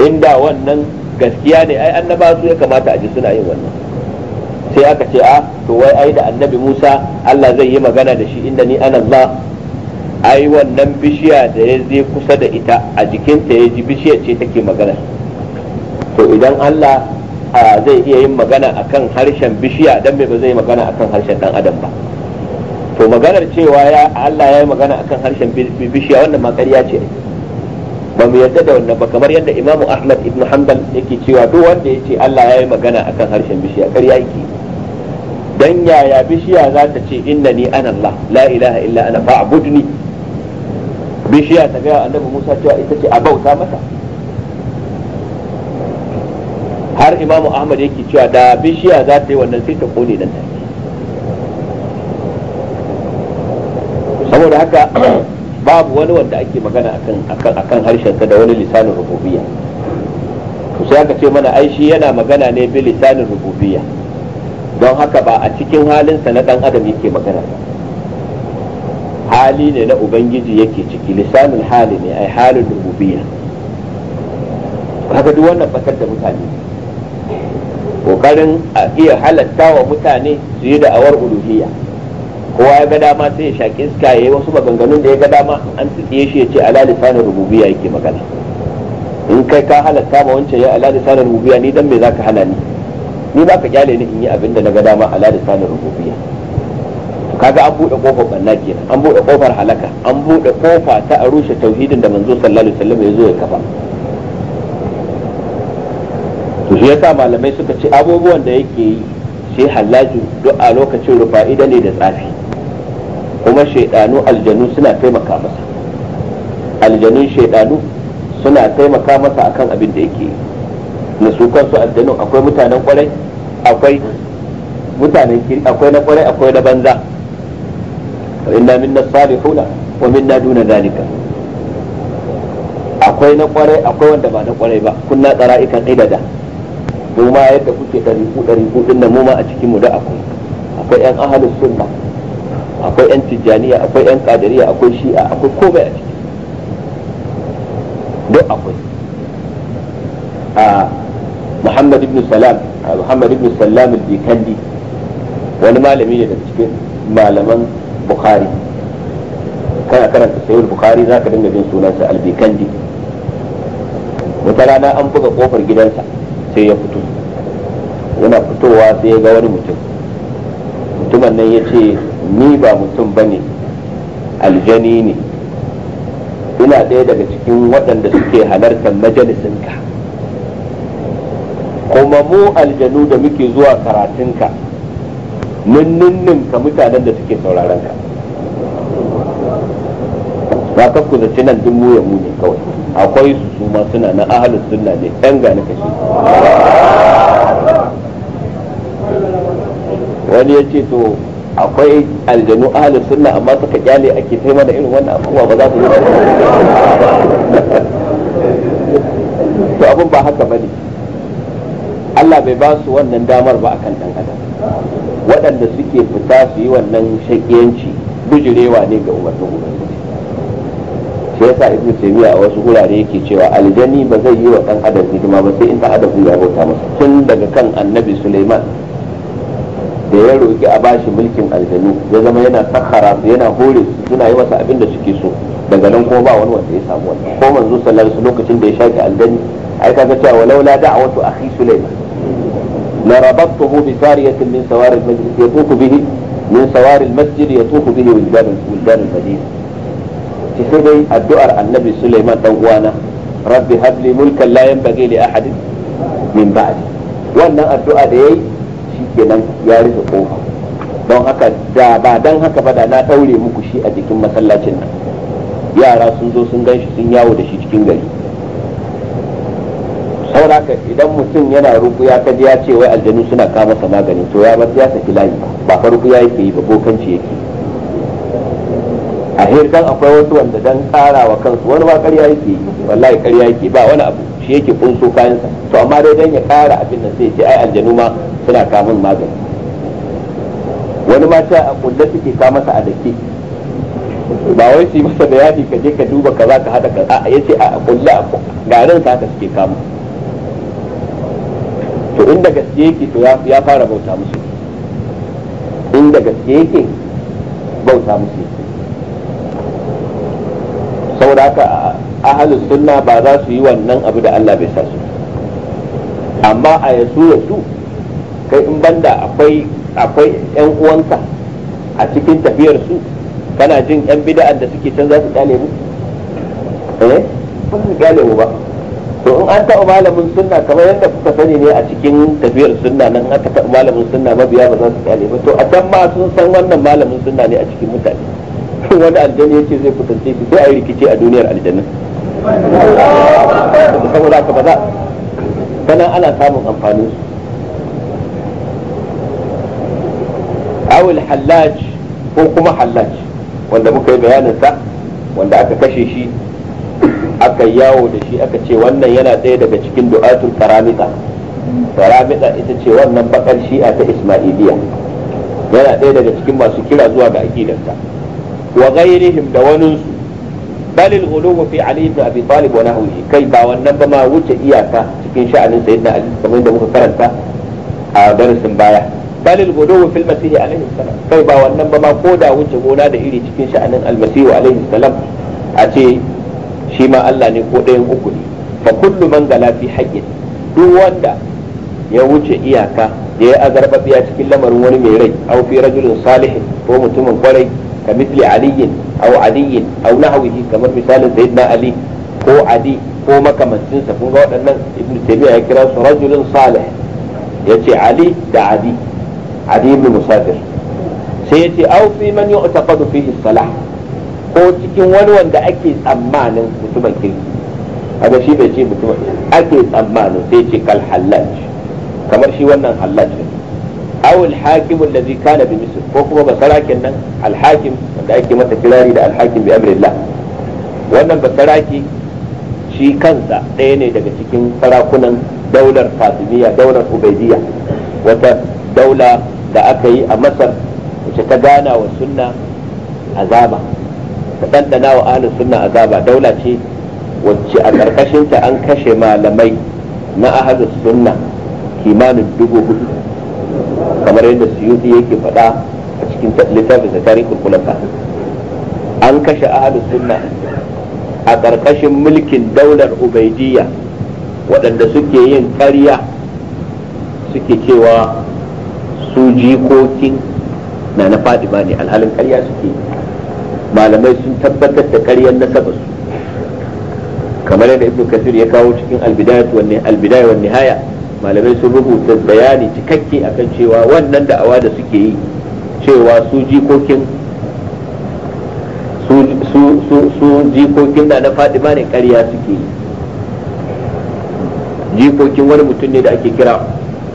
inda wannan gaskiya ne ai annaba su ya kamata a ji suna yin wannan sai aka ce a ah, to wai ai da annabi Musa Allah zai yi magana da shi inda ni anan Allah ai wannan bishiya da ya zai kusa da ita a jikinta ya ji bishiyar ce take magana to idan Allah zai iya yin magana akan harshen bishiya dan me ba zai magana akan harshen dan adam ba to maganar cewa ya Allah ya yi magana akan harshen bishiya wannan ma ƙarya ce ba mu yarda da wannan ba kamar yadda Imam Ahmad ibn Hanbal yake cewa duk wanda ya ce Allah ya yi magana akan harshen bishiya ƙarya yake dan yaya bishiya za ta ce innani ana Allah la ilaha illa ana fa'budni bishiya ta gaya annabi musa cewa ita ce a bauta mata har imamu ahmad yake cewa da bishiya za ta yi wannan sai ta kone nan saboda haka babu wani wanda ake magana akan harshensa da wani lisanin rububiya to sai aka ce mana aishi yana magana ne bi lisanin rububiya don haka ba a cikin halinsa na dan adam yake magana ba hali ne na ubangiji yake ciki lisanin hali ne ai halin rububiyya haka duk wannan bakar da mutane kokarin a iya halatta wa mutane su yi da awar uluhiyya kowa ya ga dama sai ya shaƙi iska ya yi wasu maganganun da ya ga dama an tsiye shi ya ce ala lisanin rububiyya yake magana in kai ka halatta ma wancan ya ala lisanin rububiyya ni dan me zaka hana ni ni ba ka kyale ni in yi abin da na ga dama ala lisanin rububiyya kaga an buɗe kofar banna kenan an buɗe kofar halaka an buɗe kofa ta a rushe tauhidin da manzo sallallahu alaihi wasallam ya zo ya kafa to shi yasa malamai suka ce abubuwan da yake yi shi hallaju duk a lokacin da ne da tsafi kuma shaidanu aljanu suna taimaka masa aljanun shaidanu suna taimaka masa akan abin da yake yi na su kansu aljanun akwai mutanen kwarai akwai mutanen kiri akwai na kwarai akwai na banza wa inna minna salihuna wa minna duna zalika akwai na kwarai akwai wanda ba na kwarai ba kunna tsara'ikan idada mu ma yadda kuke da ɗariƙu ɗin da mu ma a cikin mu da akwai akwai yan ahalus sunna akwai yan tijjaniya akwai yan qadariya akwai shi'a akwai komai a ciki duk akwai a muhammad ibn salam muhammad ibn salam al dikandi wani malami ne daga cikin malaman bukhari kana karanta sayyid bukhari za ka dinga jin sunansa albikandi wata rana an buga kofar gidansa sai ya fito yana fitowa sai ya ga wani mutum mutumin nan ya ce ni ba mutum ba ne aljani ne ina ɗaya daga cikin waɗanda suke halartar majalisinka kuma mu aljanu da muke zuwa karatunka ninninnin ka mutanen da suke sauraron ka ba ka ku zaci nan duk ya muni kawai akwai su su ma suna na ahalus sunna ne gani gane shi wani ya ce to akwai aljanu ahalus sunna amma suka kyale ake sai da irin wannan abubuwa ba za su yi to abin ba haka ba ne Allah bai ba su wannan damar ba akan ɗan adam waɗanda suke fita su yi wannan shaƙiyanci bujirewa ne ga umarnin ubangiji shi yasa ibnu taymiya a wasu wurare yake cewa aljani ba zai yi wa dan adam hidima ba sai in ta adam ya bauta masa tun daga kan annabi suleiman da ya roki a bashi mulkin aljanu ya zama yana sakhara su yana hore su suna yi masa abin da suke so daga nan kuma ba wani wanda ya samu wannan ko manzo sallallahu alaihi lokacin da ya shaƙi aljani ai kaga cewa walaula da'watu akhi suleiman لربطته بسارية من سوار المسجد يطوف به من سوار المسجد يطوف به ولدان ولدان dai addu'ar annabi Suleiman dan uwana rabbi habli mulkan la yanbaghi li ahadin min ba'di wannan addu'a da yayi shikenan ya rufe kofa don haka da ba dan haka ba da na taure muku shi a jikin masallacin nan yara sun zo sun ganshi sun yawo da shi cikin gari saboda haka idan mutum yana rukuya ya kaji ya ce wai aljanu suna kama sa magani to ya bar ya saki layi ba fa ya yake yi ba bokanci yake a hirkan akwai wasu wanda dan tsara wa kansu wani ma ƙarya yake yi wallahi ƙarya yake ba wani abu shi yake kunso kayansa to amma dai dan ya kara abin da sai ce ai aljanu ma suna kamun magani wani ma sai a kulle take ka masa a dake ba wai su yi masa bayani ka je ka duba kaza ka hada kaza a yace a kulle a garin ka haka suke kama to inda gaske yake to ya fara bauta musu inda gaske yake bauta musu saboda haka ahalus sunna ba za su yi wannan abu da Allah bai sa su amma a yasu yasu kai in banda akwai akwai yan uwanka a cikin tafiyar su kana jin yan bid'an da suke can za su kyale mu eh ba su kyale mu ba to in an taɓa malamin sunna kamar yadda kuka sani ne a cikin tafiyar sunna nan aka taɓa malamin sunna mabiya ba za su kyale ba to a can ma sun san wannan malamin sunna ne a cikin mutane wani aljanna ya ce zai kusance shi sai a yi rikici a duniyar aljanna saboda ka ba za sanan ana samun amfanin su awil hallaj ko kuma hallaj wanda muka yi bayanin sa wanda aka kashe shi aka yawo da shi aka ce wannan yana ɗaya daga cikin du'atul karamita karamita ita ce wannan bakar shi'a ta ismailiya yana ɗaya daga cikin masu kira zuwa ga aqidarta wa ghairihim da wani su bal al ghuluw fi ali ibn abi talib wa nahwihi kai ba wannan ba ma wuce iyaka cikin sha'anin sayyidina ali kamar da muka karanta a darasin baya balil al ghuluw fil masih alaihi salam kai ba wannan ba ma ko da wuce gona da iri cikin sha'anin al masih alaihi salam a ce shi ma Allah ne ko ɗayan uku ne fa kullu man gala fi haqqin duk wanda ya wuce iyaka da ya biya cikin lamarin wani mai rai aw fi rajulin salihin ko mutumin kwarai ka misli aliyin aw adiyin aw nahwihi kamar misalin sayyidina ali ko adi ko makamancinsa kun ga waɗannan ibn taymiya ya kira su rajulin salih yace ali da adi adi ibn musafir sai yace aw fi man yu'taqadu fihi salah ko cikin wani wanda ake tsammanin mutumin kirki kaga shi bai ce mutumin ake tsammanin sai ce kal hallaj kamar shi wannan hallaj ne aw al hakim allazi kana bi misr ko kuma basarakin nan al hakim wanda ake masa kirari da al hakim bi amrillah wannan basaraki shi kansa ɗaya ne daga cikin sarakunan daular fatimiyya daular ubaidiyya wata daula da aka yi a masar wacce ta gana wa sunna azaba ta ɗanɗana wa ahlus sunna azaba daula ce wacce a ƙarƙashinta an kashe malamai na ahlus sunna kimanin dubu hudu kamar yadda suyuti yake faɗa a cikin littafin da tarihin kulaka an kashe ahlus sunna a ƙarƙashin mulkin daular ubaidiyya waɗanda suke yin ƙarya suke cewa su jikokin na na fadima ne alhalin ƙarya suke yi malamai sun tabbatar da ƙaryar nasabarsu kamar yadda ibnu kasir ya kawo cikin albidayat wanne albidaya wanne haya malamai sun rubuta bayani cikakke akan cewa wannan da'awa da suke yi cewa su jikokin su jikokin da na fadima ne ƙarya suke yi jikokin wani mutum ne da ake kira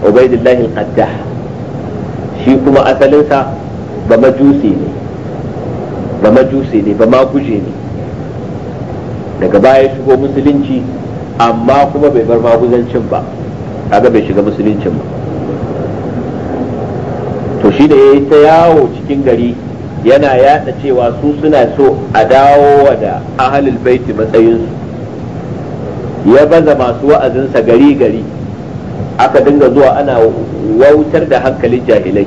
ubaidillahi al shi kuma asalinsa ba majusi ne ba majusi ne ba ma ne daga baya shigo musulunci amma kuma bai bar maguzancin ba kaga bai shiga musuluncin ba to shi da ya yi ta yawo cikin gari yana yada cewa su suna so a dawo da ahalul baiti matsayinsu ya baza masu wa'azinsa gari gari aka dinga zuwa ana wautar da hankalin jahilai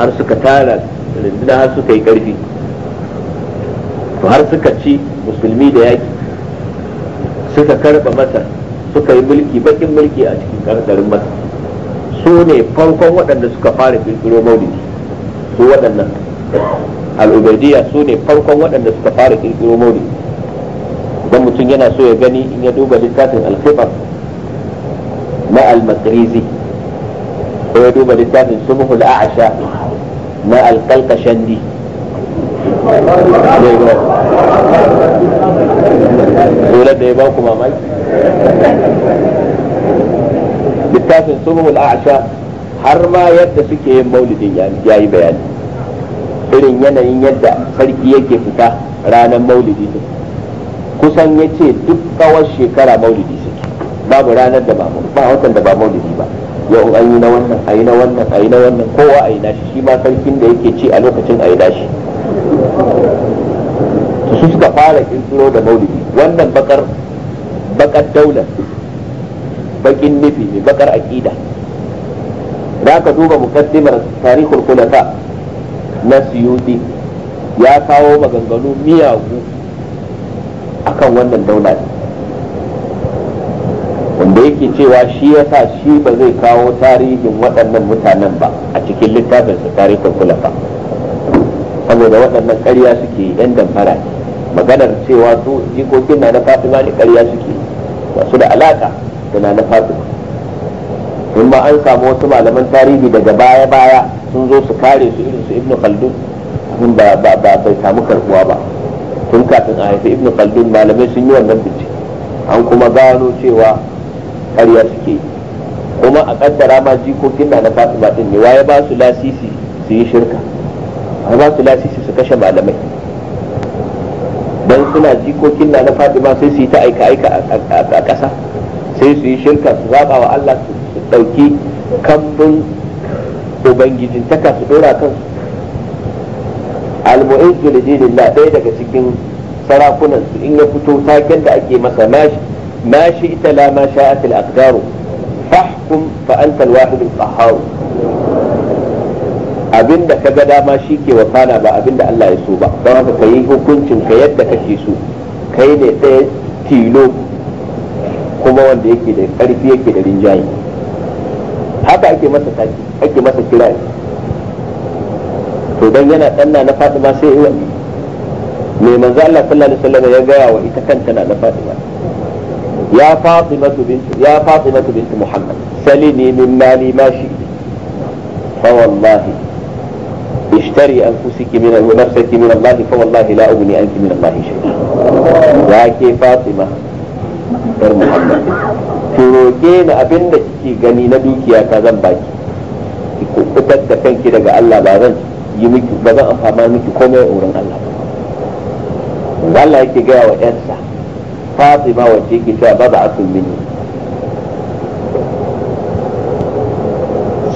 har suka tara rindina har suka yi karfi to har suka ci musulmi da yaki suka karba masar suka yi mulki bakin mulki a cikin karkarin masar su ne farkon waɗanda suka fara ƙirƙiro maulidi su waɗannan al'ubadiyya su ne farkon waɗanda suka fara ƙirƙiro maulidi idan mutum yana so ya gani in ya duba littafin alkhifar na al-makrizi ko ya duba littafin sumuhul a'asha na al-qalqashandi dole da ya ba ku mamaki littafin subhul a'sha har ma yadda suke yin maulidin ya yi bayani irin yanayin yadda sarki yake fita ranar maulidi ne kusan ya ce duk kawar shekara maulidi suke babu ranar da ba watan da ba maulidi ba yau an yi na wannan a yi na wannan a yi na wannan kowa a yi na shi ma sarkin da yake ci a lokacin a yi nashi da fara kirkiro da maulidi wannan bakar bakar daular bakin nufi ne bakar aqida da ka duba mukaddimar tarihul khulafa na siyudi ya kawo maganganu miyagu akan wannan daula wanda yake cewa shi ya sa shi ba zai kawo tarihin waɗannan mutanen ba a cikin littafinsa tarihul khulafa saboda waɗannan ƙarya suke 'yan damfara ne maganar cewa su jikokin na na fatima ne ƙarya suke masu da alaka da na na fatima in ba an samu wasu malaman tarihi daga baya baya sun zo su kare su irin su ibnu khaldun abin ba ba bai samu karbuwa ba tun kafin a haifi ibnu khaldun malamai sun yi wannan bincike an kuma gano cewa ƙarya suke kuma a kaddara ma jikokin na na fatima din ne waye ba su lasisi su yi shirka ba su lasisi su kashe malamai suna jikokin na na fatima sai su yi ta aika aika a ƙasa sai su yi shirka su zaɓa wa Allah su ɗauki kambun ubangijin taka su ɗora kansu almu'in zulidinin na ɗaya daga cikin sarakunan su in ya fito taken da ake masa mashi ita la ma sha'atil aqdaru fahkum fa anta al-wahid al Abin da ka ga dama shi ke wakana ba abin da Allah ya so ba don haka ka yi hukuncin ka yadda kake so kai ne ɗaya tilo kuma wanda yake da ƙarfi yake da rinjaye haka ake masa taki ake masa kira to dan yana ɗanna na Fatima sai yi wani mai manzo Allah sallallahu alaihi wasallam ya gaya wa ita kanta na Fatima ya Fatima bintu ya Fatima bintu Muhammad salini min mali ma shi fa wallahi ishtari anfusiki min nafsaki min Allah fa wallahi la ughni anki min Allah shay'a ya ke Fatima dar Muhammad abinda kike gani na dukiya ta zan baki ki kubutar da kanki daga Allah ba zan yi miki ba zan amfana miki komai a wurin Allah gaya wa ƴarsa Fatima ba a asul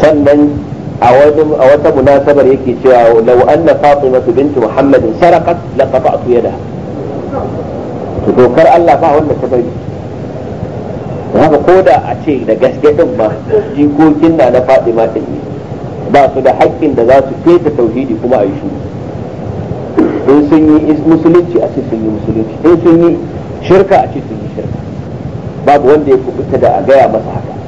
sannan a wata munasabar yake cewa law anna fatimatu binti muhammadin sarakat la qata'tu yadaha to dokar Allah ba wanda ta bari haka ko da a ce da gaske din ma jikokin na na fatima din ne ba su da haƙƙin da za su keta tauhidi kuma a yi shuru in sun yi musulunci a ce sun yi musulunci in sun yi shirka a ce sun yi shirka babu wanda ya kubuta da a gaya masa haka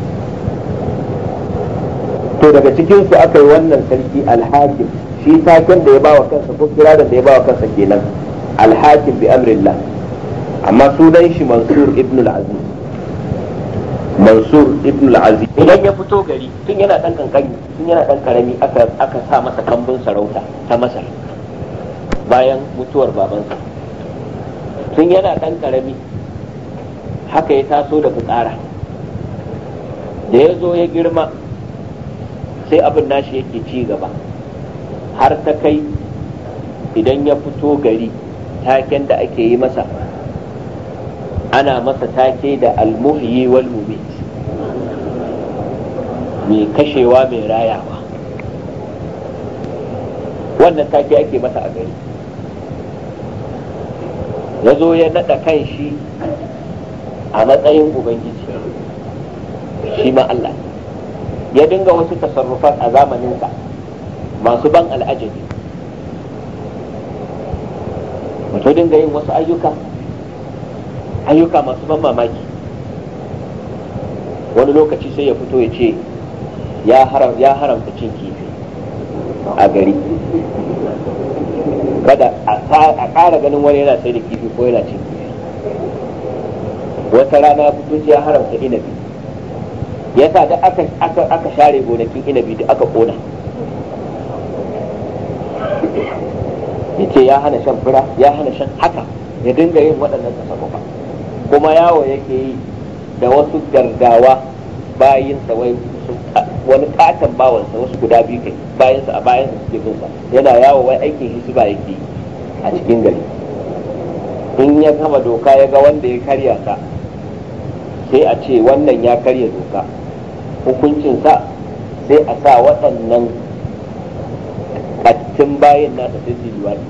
to daga cikin su aka yi wannan sarki alhakim shi taken da ya bawa kansa ko kiradan da ya bawa kansa kenan alhakim bi amrillah amma sunan shi mansur ibn al-aziz mansur ibn al-aziz idan ya fito gari tun yana dan kankani tun yana dan karami aka aka sa masa kambun sarauta ta masar bayan mutuwar babansa tun yana dan karami haka ya taso da fitsara da ya zo ya girma sai abin nashi yake ci gaba har ta kai idan ya fito gari taken da ake yi masa ana masa take da almuhyi wal mumit mai kashewa mai rayawa wannan take ake masa a gari ya zo ya naɗa kan shi a matsayin ubangiji shi ma Allah ya dinga wasu tasarrufan a zamaninsa masu ban al'ajabi mutu dinga yin wasu ayyuka ayyuka masu ban mamaki wani lokaci sai ya fito ya ce ya haramta cin kifi a gari kada a ƙara ganin wani yana sai da kifi ko yana cin kifi wata rana fito ya haramta inabi sa da aka share gonakin inabi da aka kona yace ya hana shan fura ya hana shan haka ya dinga yin waɗannan tasarrufa kuma yawo yake yi da wasu gargawa bayinsa wai wani katon bawansa wasu guda biyu kai bayansa a bayansa suke bin yana yawo wai aikin hisba yake yi a cikin gari in ya gama doka ya ga wanda ya karya ta sai a ce wannan ya karya doka Hukuncin sa sai a sa waɗannan a cikin bayan nasa sai su liwaɗi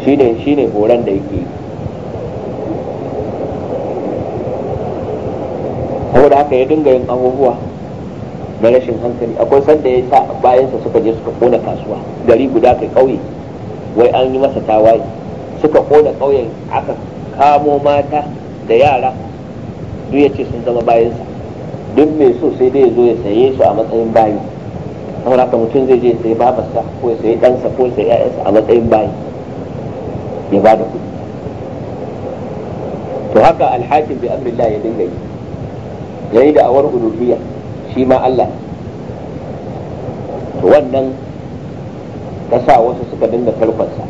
shi ne shi ne horon da yake saboda haka ya dinga yin abubuwa na rashin hankali akwai sanda ya sa bayansa suka je suka kona kasuwa gari guda kai ƙauye wai an yi masa tawaye suka kona ƙauyen aka kamo mata da yara duk ya ce sun zama bayansa duk mai so sai dai zo ya saye su a matsayin bayi saboda haka mutum zai je sai babarsa ko sai ɗansa ko sai ƴaƴansa a matsayin bayi ya bada da kuɗi to haka alhakin bi amrillah ya dinga yi yayi da awar uluhiyya shi ma Allah to wannan ta sa wasu suka dinga tarkonsa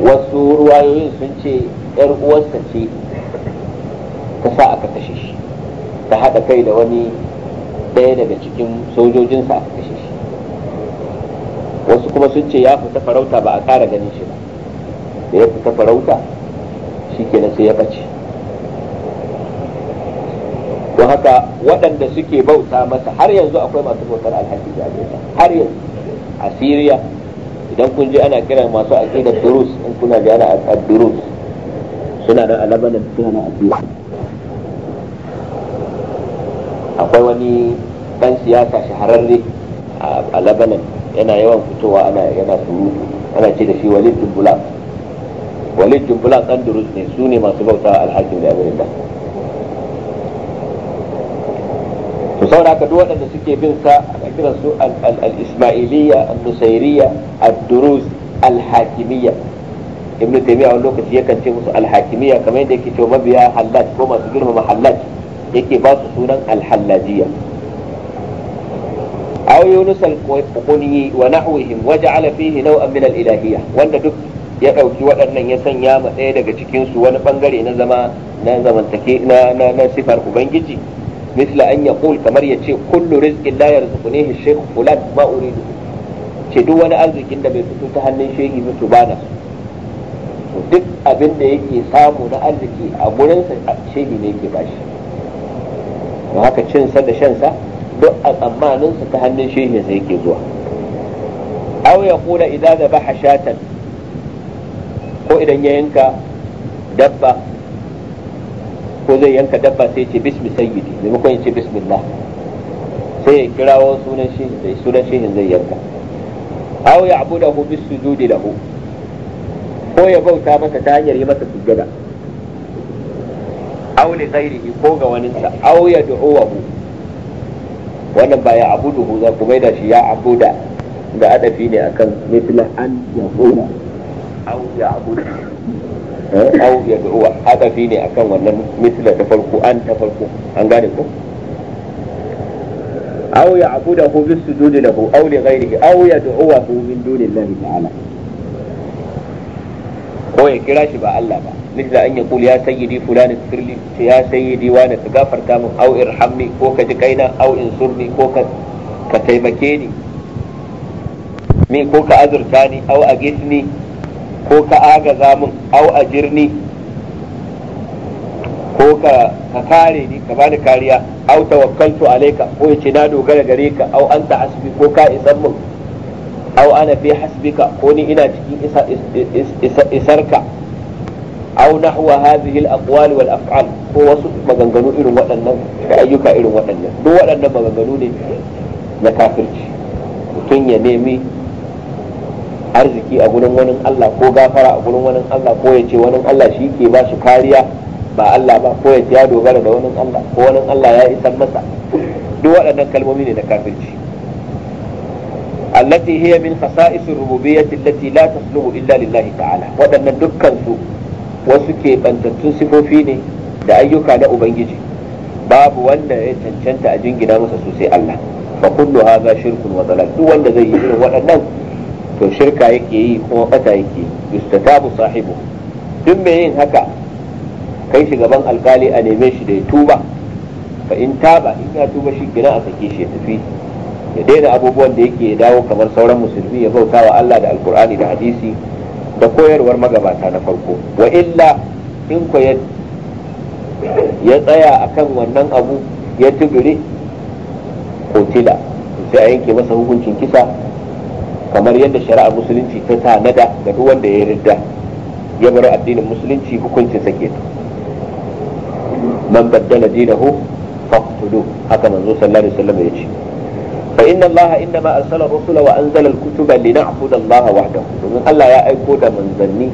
wasu ruwayoyin sun ce 'yar uwarsa ce ta sa aka kashe shi ta haɗa kai da wani ɗaya daga cikin sojojinsa a kashe shi wasu kuma sun ce ya fita farauta ba a ƙara ganin shi ba da ya fita farauta shi ke kenan sai ya ɓace don haka waɗanda suke bauta masa har yanzu akwai masu bautar alhaji da har yanzu a siriya idan kun je ana kiran masu aƙidar durus in kuna ji a durus suna nan a labanin suna nan a durus akwai wani dan siyasa shahararre a labanan yana yawan fitowa ana yana surutu ana ce da shi walid dubula walid dan durus ne su ne masu bauta alhakim da abin da to saboda haka duk waɗanda suke bin sa a kiran su al-ismailiyya al nusairiyya ad-durus al-hakimiyya ibnu taymiya wani lokaci yakan ce musu al-hakimiyya kamar yadda yake cewa mabiya hallaj ko masu girma hallaj yake ba su sunan alhallajiya aw yunus al-qunyi wa nahwihim ja'ala fihi naw'an min al-ilahiyya wanda duk ya dauki waɗannan ya sanya ma ɗaya daga cikin su wani bangare na zama na zamantake na na sifar ubangiji misla an yaqul kamar yace kullu rizqin la yarzuqunihi shaykh fulan ma uridu ce duk wani arzikin da bai fito ta hannun shehi ba bana duk abin da yake samu na arziki a gurinsa shehi ne yake bashi haka cinsa da shansa duk a tsammanin sa ta hannun sai yake zuwa aw ya kula idan da ba shatan ko idan ya yanka dabba ko zai yanka dabba sai ce bismi sayyidi maimakon ya ce bismillah sai ya kirawo sunan shi zai eh, sunan shi zai yanka aw ya abudahu hu sujudi lahu ko ya bauta maka ta hanyar yi masa sujjada aw li ghairihi ko ga waninsa aw yad'uhu wannan ba ya abuduhu za ku maida shi ya abuda da adafi ne akan mithla an yaqula aw ya abudu eh, aw yad'uhu adafi ne akan wannan mithla ta farko an ta farko an gane ko aw ya abudahu bis sujudi lahu aw li ghairihi aw yad'uhu min dunillahi ta'ala ko ya kira shi ba Allah ba misla an yaqul ya sayyidi fulan firli ya sayyidi wa na gafarta min au irhamni ko ka ji kaina au insurni ko ka ka taimake ni me ko ka azurta ni au agitni ko ka agaza min au ajirni ko ka ka kare ni ka bani kariya au tawakkaltu alayka ko ce na dogara gare ka au anta hasbi ko ka isan min Au ana fi hasbika ko ni ina cikin isarka aw nahwa hadhihi al-aqwal wal af'al ko wasu maganganu irin waɗannan ayyuka irin waɗannan duk waɗannan maganganu ne kafirci ya nemi arziki a gurin wani Allah ko gafara a gurin wani Allah ko ya ce wani Allah shi ke ba shi kariya ba Allah ba ko ya ce ya dogara da wani Allah ko wani Allah ya isar masa duk waɗannan kalmomi ne na kafirci allati hiya min khasa'is ya allati la tasluhu illa lillahi ta'ala waɗannan dukkansu wasu ke bantattun sifofi ne da ayyuka na ubangiji babu wanda ya cancanta a jingina masa sosai Allah fa kullu hadha shirkun wa duk wanda zai yi irin waɗannan to shirka yake yi kuma bata yake yustatabu sahibu duk mai yin haka kai shi gaban alkali a neme shi da ya tuba fa in taba in ya tuba shi gina a sake shi ya tafi ya daina abubuwan da yake ya dawo kamar sauran musulmi ya bauta wa Allah da alkur'ani da hadisi da koyarwar magabata na farko wa illa in ko ya tsaya kan wannan abu ya tubiri kotila sai a yanke masa hukuncin kisa kamar yadda shari'ar musulunci ta tanada ga duk wanda ya ridda ya bar addinin musulunci hukuncin sa ta, man baddala dinahu faqtulu haka manzo sallallahu alaihi wasallam ya ce fa inna kutuba lina'budu Allah ya aiko da manzanni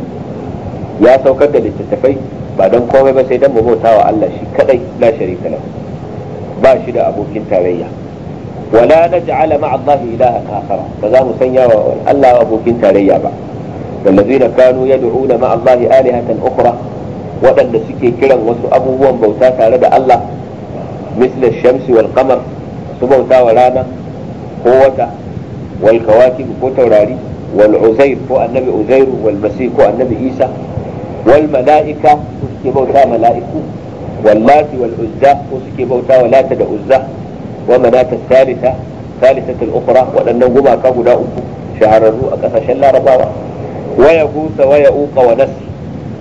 ya saukar da littattafai ba don dan mu bautawa Allah shi kadai la sharika mu sanya wa Allah abokin tarayya ba والذين كانوا يدعون مع الله آلهة أخرى waɗanda suke kiran wasu abubuwan bauta tare da Allah misli shamsi wal qamar su bauta wa rana ko wata wal kawakib ko taurari wal uzair ko annabi uzairu wal masih ko annabi isa wal mala'ika ko suke bauta mala'iku wal lati wal uzza ko suke bauta wa lata da uzza wa malata thalitha thalithatu al ukhra wadannan gumaka guda uku shahararru a kasashen larabawa wa yahusa wa yauqa wa nasr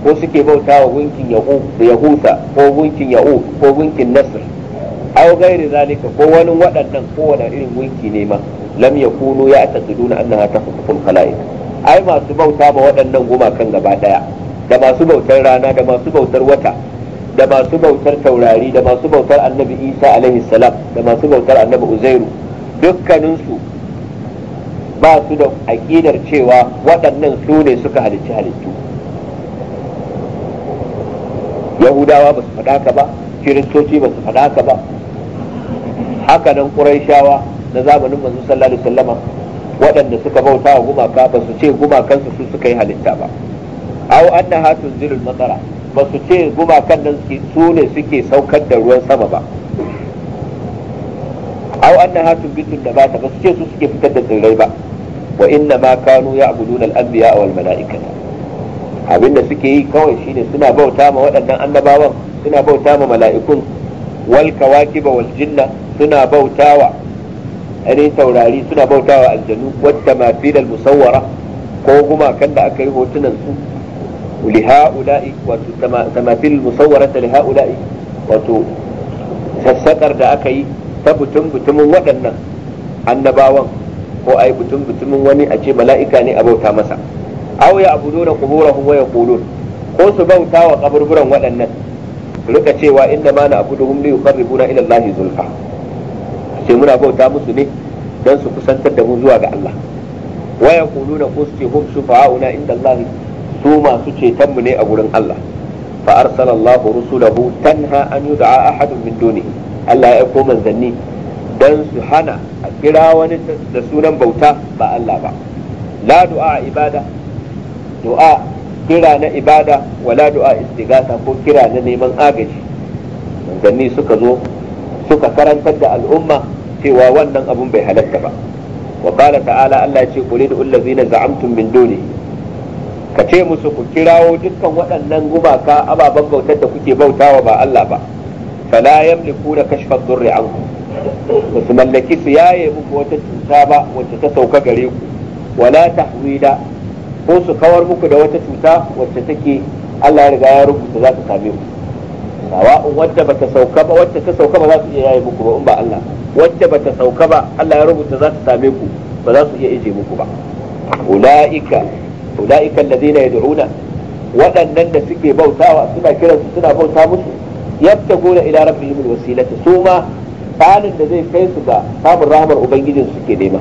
ko suke bauta wa gunkin yahusa ko gunkin yauq ko gunkin nasr aw ghairi zalika ko wani waɗannan kowane irin gunki ne ma lam kunu ya taqiduna annaha takhluqul khalaiq ai masu bauta ba waɗannan gumakan gaba daya da masu bautar rana da masu bautar wata da masu bautar taurari da masu bautar annabi isa alaihi salam da masu bautar annabi uzairu dukkaninsu ba su da aƙidar cewa waɗannan su ne suka halicci halittu yahudawa ba su faɗa ka ba kiristoci ba su faɗa haka ba haka nan ƙuraishawa na zamanin manzo sallallahu alaihi wasallama waɗanda suka bauta wa gumaka ba su ce gumakansu su suka yi halitta ba aw annaha tunzilul matsara ba su ce gumakan nan su ne suke saukar da ruwan sama ba aw bitun da bata ba su ce su suke fitar da tsirrai ba wa inna ma kanu ya'buduna al-anbiya wal mala'ikata abinda suke yi kawai shine suna bauta ma waɗannan annabawan suna bauta ma mala'ikun wal kawakiba wal suna bauta wa? ainihin taurari suna bauta wa aljanu wadda mafidal musawwara ko gumakan da aka yi hotunan su liha'ula'i wato ta tamafil musawwarata liha'ula'i wato sassakar da aka yi ta butun butumin waɗannan annabawan ko ai butun butumin wani a ce mala'ika ne a bauta masa aw ya abudu da quburahum wa yaqulun ko su bauta wa kaburburan waɗannan rika cewa inda ma na abuduhum li yuqarribuna ila Allah zulfa sai muna bauta musu ne don su kusantar da mu zuwa ga Allah wa yaquluna qusti hum shufa'auna inda Allah su masu ceton mu ne a gurin Allah fa arsalallahu rusulahu tanha an yud'a ahadun min duni Allah ya aiko manzanni dan su hana a kira wani da sunan bauta ba Allah ba la du'a ibada du'a kira na ibada wala du'a istighatha ko kira na neman agaji manzanni suka zo suka karantar da al'umma cewa wannan abun bai halatta ba wa qala ta'ala Allah ce qul idul zina za'amtum min duni ka ce musu ku kirawo dukkan waɗannan gumaka ababen bautar da kuke bautawa ba Allah ba fala yamliku da kashfa dhurri ankum ba su mallaki su yaye muku wata cuta ba wacce ta sauka gare ku wala tahwila ko su kawar muku da wata cuta wacce take Allah ya riga ya rubuta za ta same ku sawa'un wacce bata sauka ba wacce ta sauka ba za su iya yaye muku ba in ba Allah wacce bata sauka ba Allah ya rubuta za ta same ku ba za su iya ije muku ba ulaika ulaika alladhina yad'una waɗannan da suke bautawa suna kiransu suna bauta musu yabtaguna ila rabbihim alwasilata su ma halin da zai kai su ga samun rahmar ubangijin suke nema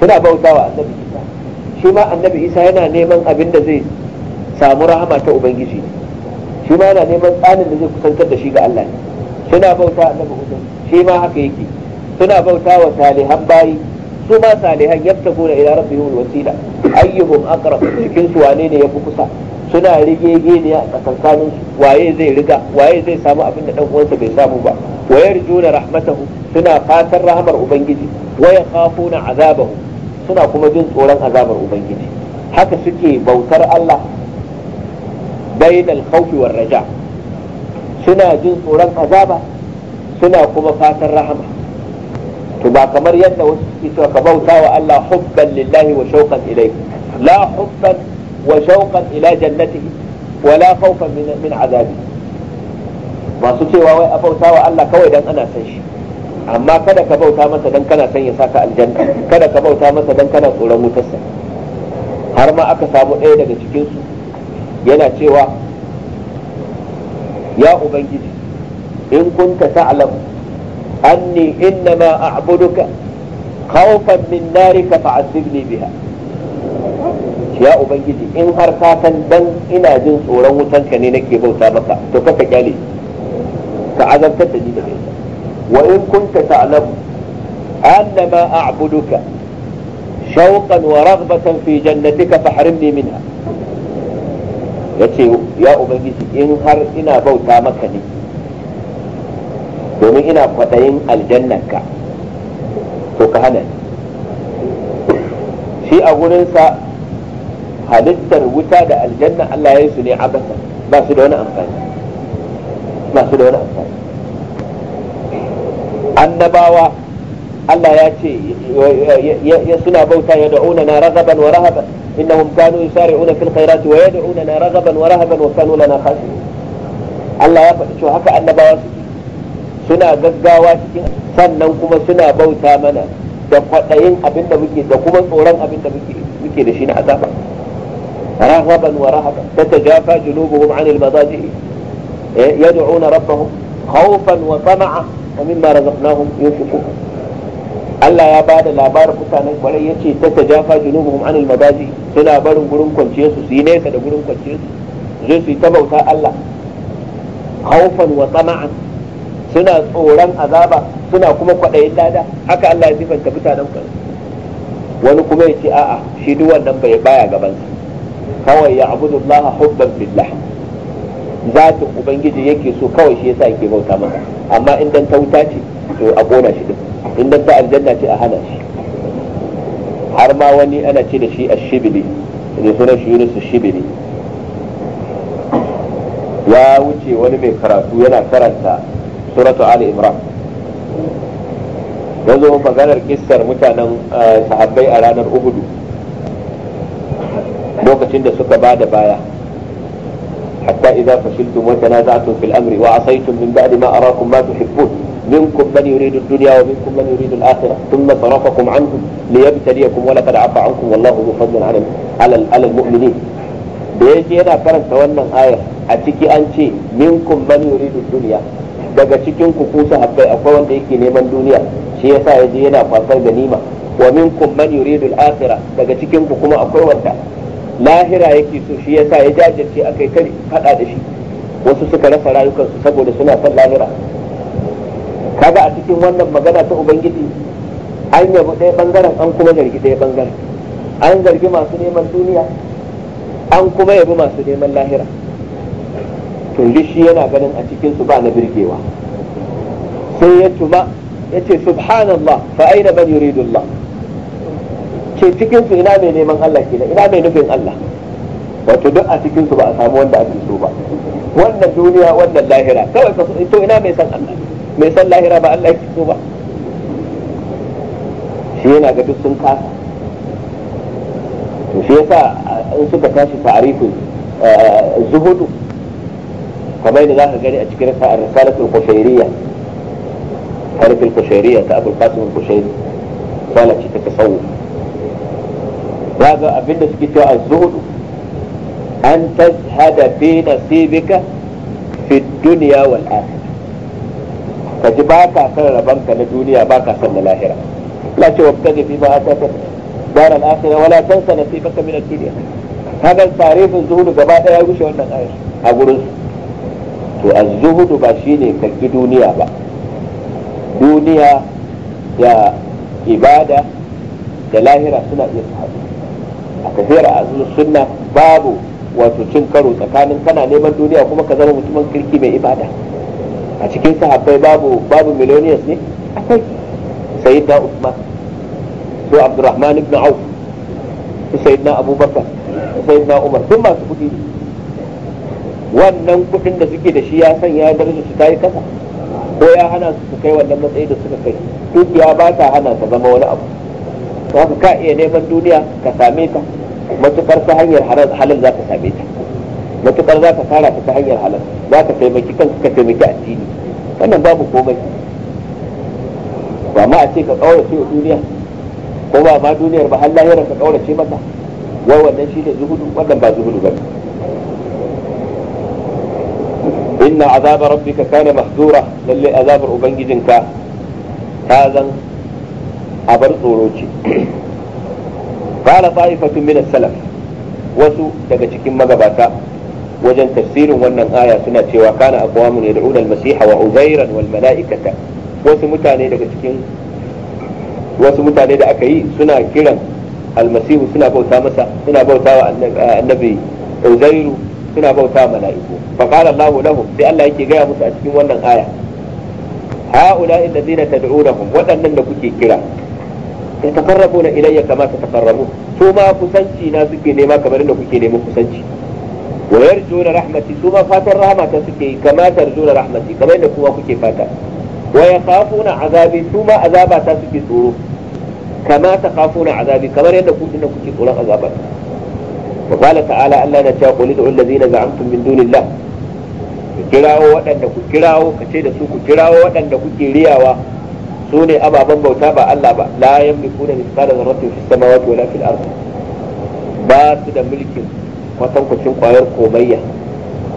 suna bautawa annabi shi ma annabi isa yana neman abin da zai samu rahama ta ubangiji shi ma yana neman tsanin da zai kusantar da shi ga Allah suna bauta annabi hudun shi ma haka yake suna bauta wa salihan bayi su ma salihan yabtaguna ila rabbihim alwasila Ayyuhun aqrab cikin su wane ne yafi kusa suna rige ne a tsakankanin waye zai riga waye zai samu abin da dan uwansa bai samu ba wa yarjuna rahmatahu suna fatan rahamar ubangiji waya yakhafuna azabahu suna kuma jin tsoron azabar ubangiji haka suke bautar Allah bainal khawfi war raja suna jin tsoron azaba suna kuma fatan rahama to ba kamar yadda wasu suke cewa ka bauta wa Allah hubban lillahi wa shauqan ilayhi la hubban wa shauqan ila jannatihi wa la khawfan min azabi masu cewa wai a bauta wa Allah kawai dan ana san shi amma kada ka bauta masa dan kana son ya saka aljanna kada ka bauta masa dan kana tsoron wutarsa har ma aka samu ɗaya daga cikinsu yana cewa ya ubangiji in kunta ta'lam anni innama a'buduka khawfan min narika fa'azibni biha ya ubangiji in har ka san dan ina jin tsoron wutanka ne nake bauta maka to kaka kyale ka azabtar da ni daga ita وإن كنت تعلم أن ما أعبدك شوقا ورغبة في جنتك فحرمني منها yace ya ubangiji in har ina bauta maka ne domin ina kwaɗayin aljannanka to ka hana shi a wurinsa halittar wuta da aljanna Allah ne abasa ba su amfani annabawa Allah ya ce ya suna bauta ya da'una na ragaban wa rahaban innahum kanu yusari'una fil khairati wa yad'una na ragaban wa rahaban wa kanu lana khashi'in Allah ya faɗi cewa haka annabawa suke suna gaggawa cikin sannan kuma suna bauta mana da kwaɗayin abin da muke da kuma tsoron abin da muke da shi na azaba rahaban wa rahaban tatajafa junubuhum anil madaji eh, yad'una rabbahum khawfan wa tama'a wa mimma razaqnahum Allah ya bada labarin mutanen kwarai yace ta tajafa junubuhum anil madaji suna barin gurin kwanciyar su su yi nesa da gurin kwanciyar su zai su yi ta bauta Allah haufan wa tsama'an suna tsoron azaba suna kuma kwaɗayin lada haka Allah ya sifanta mutanen kwarai wani kuma ya ce a'a shi duk wannan bai baya gaban sa kawai ya abudullaha hubban billah zatin ubangiji yake so kawai shi yasa yake bauta masa amma in dan ta wuta ce to a gona shi din in dan ta aljanna ce a hana shi har ma wani ana ce da shi a shibili, ne sunan shi Yunus shibili. ya wuce wani mai karatu yana karanta suratu ali imran yanzu maganar kissar mutanen eh, sahabbai a ranar uhudu lokacin da suka bada baya حتى إذا فشلتم وتنازعتم في الأمر وعصيتم من بعد ما أراكم ما تحبون منكم من يريد الدنيا ومنكم من يريد الآخرة ثم صرفكم عنهم ليبتليكم ولقد عفى عنكم والله ذو فضل على على المؤمنين da ya yana karanta wannan ayar a ciki an ce minkum man duniya daga cikin ku ku sahabbai akwai wanda yake neman duniya shi yasa yaje yana kwasar ganima wa minkum man yuridu al-akhirah daga cikin ku kuma akwai wanda lahira yake so shi yasa ya jajirce a kai kai fada da shi wasu suka rasa rayukansu saboda suna son lahira kaga a cikin wannan magana ta ubangiji an yabo ɗaya bangaren an kuma zargi ɗaya bangaren an zargi masu neman duniya an kuma yabi masu neman lahira to shi yana ganin a cikin su ba na birgewa sai ya tuma ya ce subhanallah fa aina man yuridullah ce cikin su ina mai neman Allah ke ina mai nufin Allah wato duk a cikin su ba a samu wanda ake so ba wannan duniya wannan lahira kawai ka to ina mai san Allah mai san lahira ba Allah yake so ba shi yana ga duk sun kasa to shi yasa in suka tashi ta'arifin zuhudu kamar yadda zaka gani a cikin risalatul kushairiyya harfin kushairiyya ta abul qasim kushairi sala ta tasawuf zaga abinda suke cewa az-zuhdu an tazhada fi nasibika fi dunya wal akhirah ka ji ba ka san rabanka na duniya ba ka san na lahira la ce wabta ga fi ma ataka dar al akhirah wala tansa nasibaka min ad-dunya kaga tarifin zuhudu gaba daya ya rushe wannan ayar a gurin to az-zuhudu ba shine ka ki duniya ba duniya da ibada da lahira suna iya su a tafiyar azumin sunna babu wato cin karo tsakanin kana neman duniya kuma ka zama mutumin kirki mai ibada a cikin sahabbai babu babu millionaires ne akwai sayyidina Usman su Abdurrahman ibn Auf su sayyidina Abubakar su sayyidina Umar sun masu kuɗi wannan kuɗin da suke da shi ya sanya darajar su tayi kasa ko ya hana su su kai wannan matsayi da suka kai dukiya ba ta hana ta zama wani abu ka haka ka iya neman duniya ka same ta matukar ta hanyar halal za ka same ta matukar za ka fara ta hanyar halal za ka taimaki kanka ka taimaki addini wannan babu komai ba ma a ce ka kaurace wa duniya ko ba ma duniyar ba Allah ya ka kaurace mata wai wannan shi ne zuhudu wannan ba zuhudu ba inna azaba rabbika kana mahzura lalle azabar ubangijinka ta zan abar tsoro ce qala ta'ifatun min as-salaf wasu daga cikin magabata wajen tafsirin wannan aya suna cewa kana aqwamun yad'una al-masiha wa uzairan wal mala'ikata wasu mutane daga cikin wasu mutane da aka yi suna kiran almasihu suna bauta masa suna bauta wa annabi uzairu suna bauta wa mala'iku fa qala Allah lahum sai Allah yake gaya musu a cikin wannan aya ha'ula'i alladhina tad'unahum wadannan da kuke kira yataqarrabuna ilayya kama tataqarrabu su ma kusanci na suke nema kamar inda kuke neman kusanci wa yarjuna rahmati su ma fatan rahmata suke kama tarjuna rahmati kamar inda kuma kuke fata wa yakhafuna azabi su ma azaba ta suke tsoro kama takhafuna azabi kamar yadda ku dinda kuke tsoron azaba wa ta'ala Allah na cewa qul id'u allazina za'amtum ku kirawo waɗanda ku kirawo kace da su ku kirawo waɗanda kuke riyawa su ne ababen bauta ba Allah ba la yamliku da misqala dharratin fis samawati wala fil ardi ba su da mulkin kucin kwayar komayya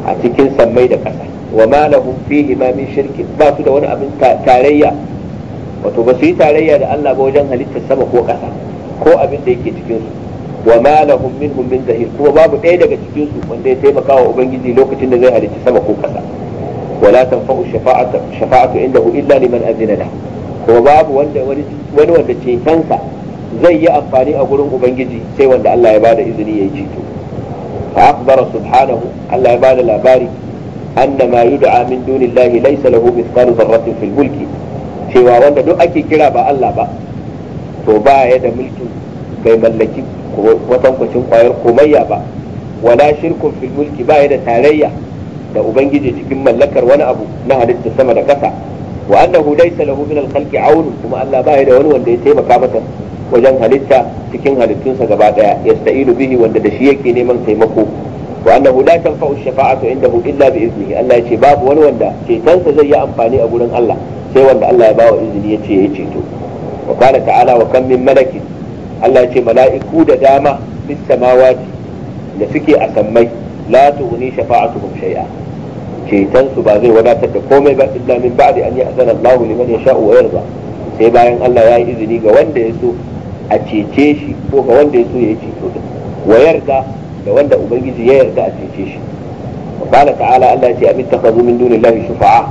a cikin sammai da ƙasa wa ma lahum fihi ma min shirkin ba su da wani abin tarayya wato ba su yi tarayya da Allah ba wajen halittar sama ko ƙasa ko abin da yake cikin su wa ma lahum minhum min zahir kuma babu ɗaya daga cikin su wanda ya taimaka wa ubangiji lokacin da zai halicci sama ko ƙasa wala tanfa'u shafa'atu indahu illa liman azina lahu kuma babu wanda wani wanda cetonsa zai yi amfani a gurin ubangiji sai wanda Allah ya bada izini ya yi ceto fa akbara subhanahu Allah ya bada labari anna ma yud'a min dunillahi laysa lahu mithqalu dharratin fil mulki cewa wanda duk ake kira ba Allah ba to ba ya da mulki bai mallaki kwatankwacin kwayar komayya ba wala shirkun fil mulki ba ya da tarayya da ubangiji cikin mallakar wani abu na halitta sama da ƙasa wa annahu laysa lahu min al-khalqi aun kuma Allah ba da wani wanda ya taimaka masa wajen halitta cikin halittunsa gaba daya yasta'inu bihi wanda da shi yake neman taimako wa da la tanfa'u shafa'atu indahu illa bi iznihi Allah ya ce babu wani wanda cetonsa zai yi amfani a gurin Allah sai wanda Allah ya bawa izini ya ce ya ceto wa qala ta'ala wa kam min malakin Allah ce mala'iku da dama bis da suke a sammai la tughni shafa'atuhum shay'a ceton su ba zai wadatar da komai ba illa min ba'di an ya'zana Allahu liman yasha'u wa yarda sai bayan Allah ya yi izini ga wanda ya so a cece shi ko ga wanda ya so ya ceto din wa yarda da wanda ubangiji ya yarda a cece shi qala ta'ala Allah ya ce abin takhazu min dunillahi shufa'a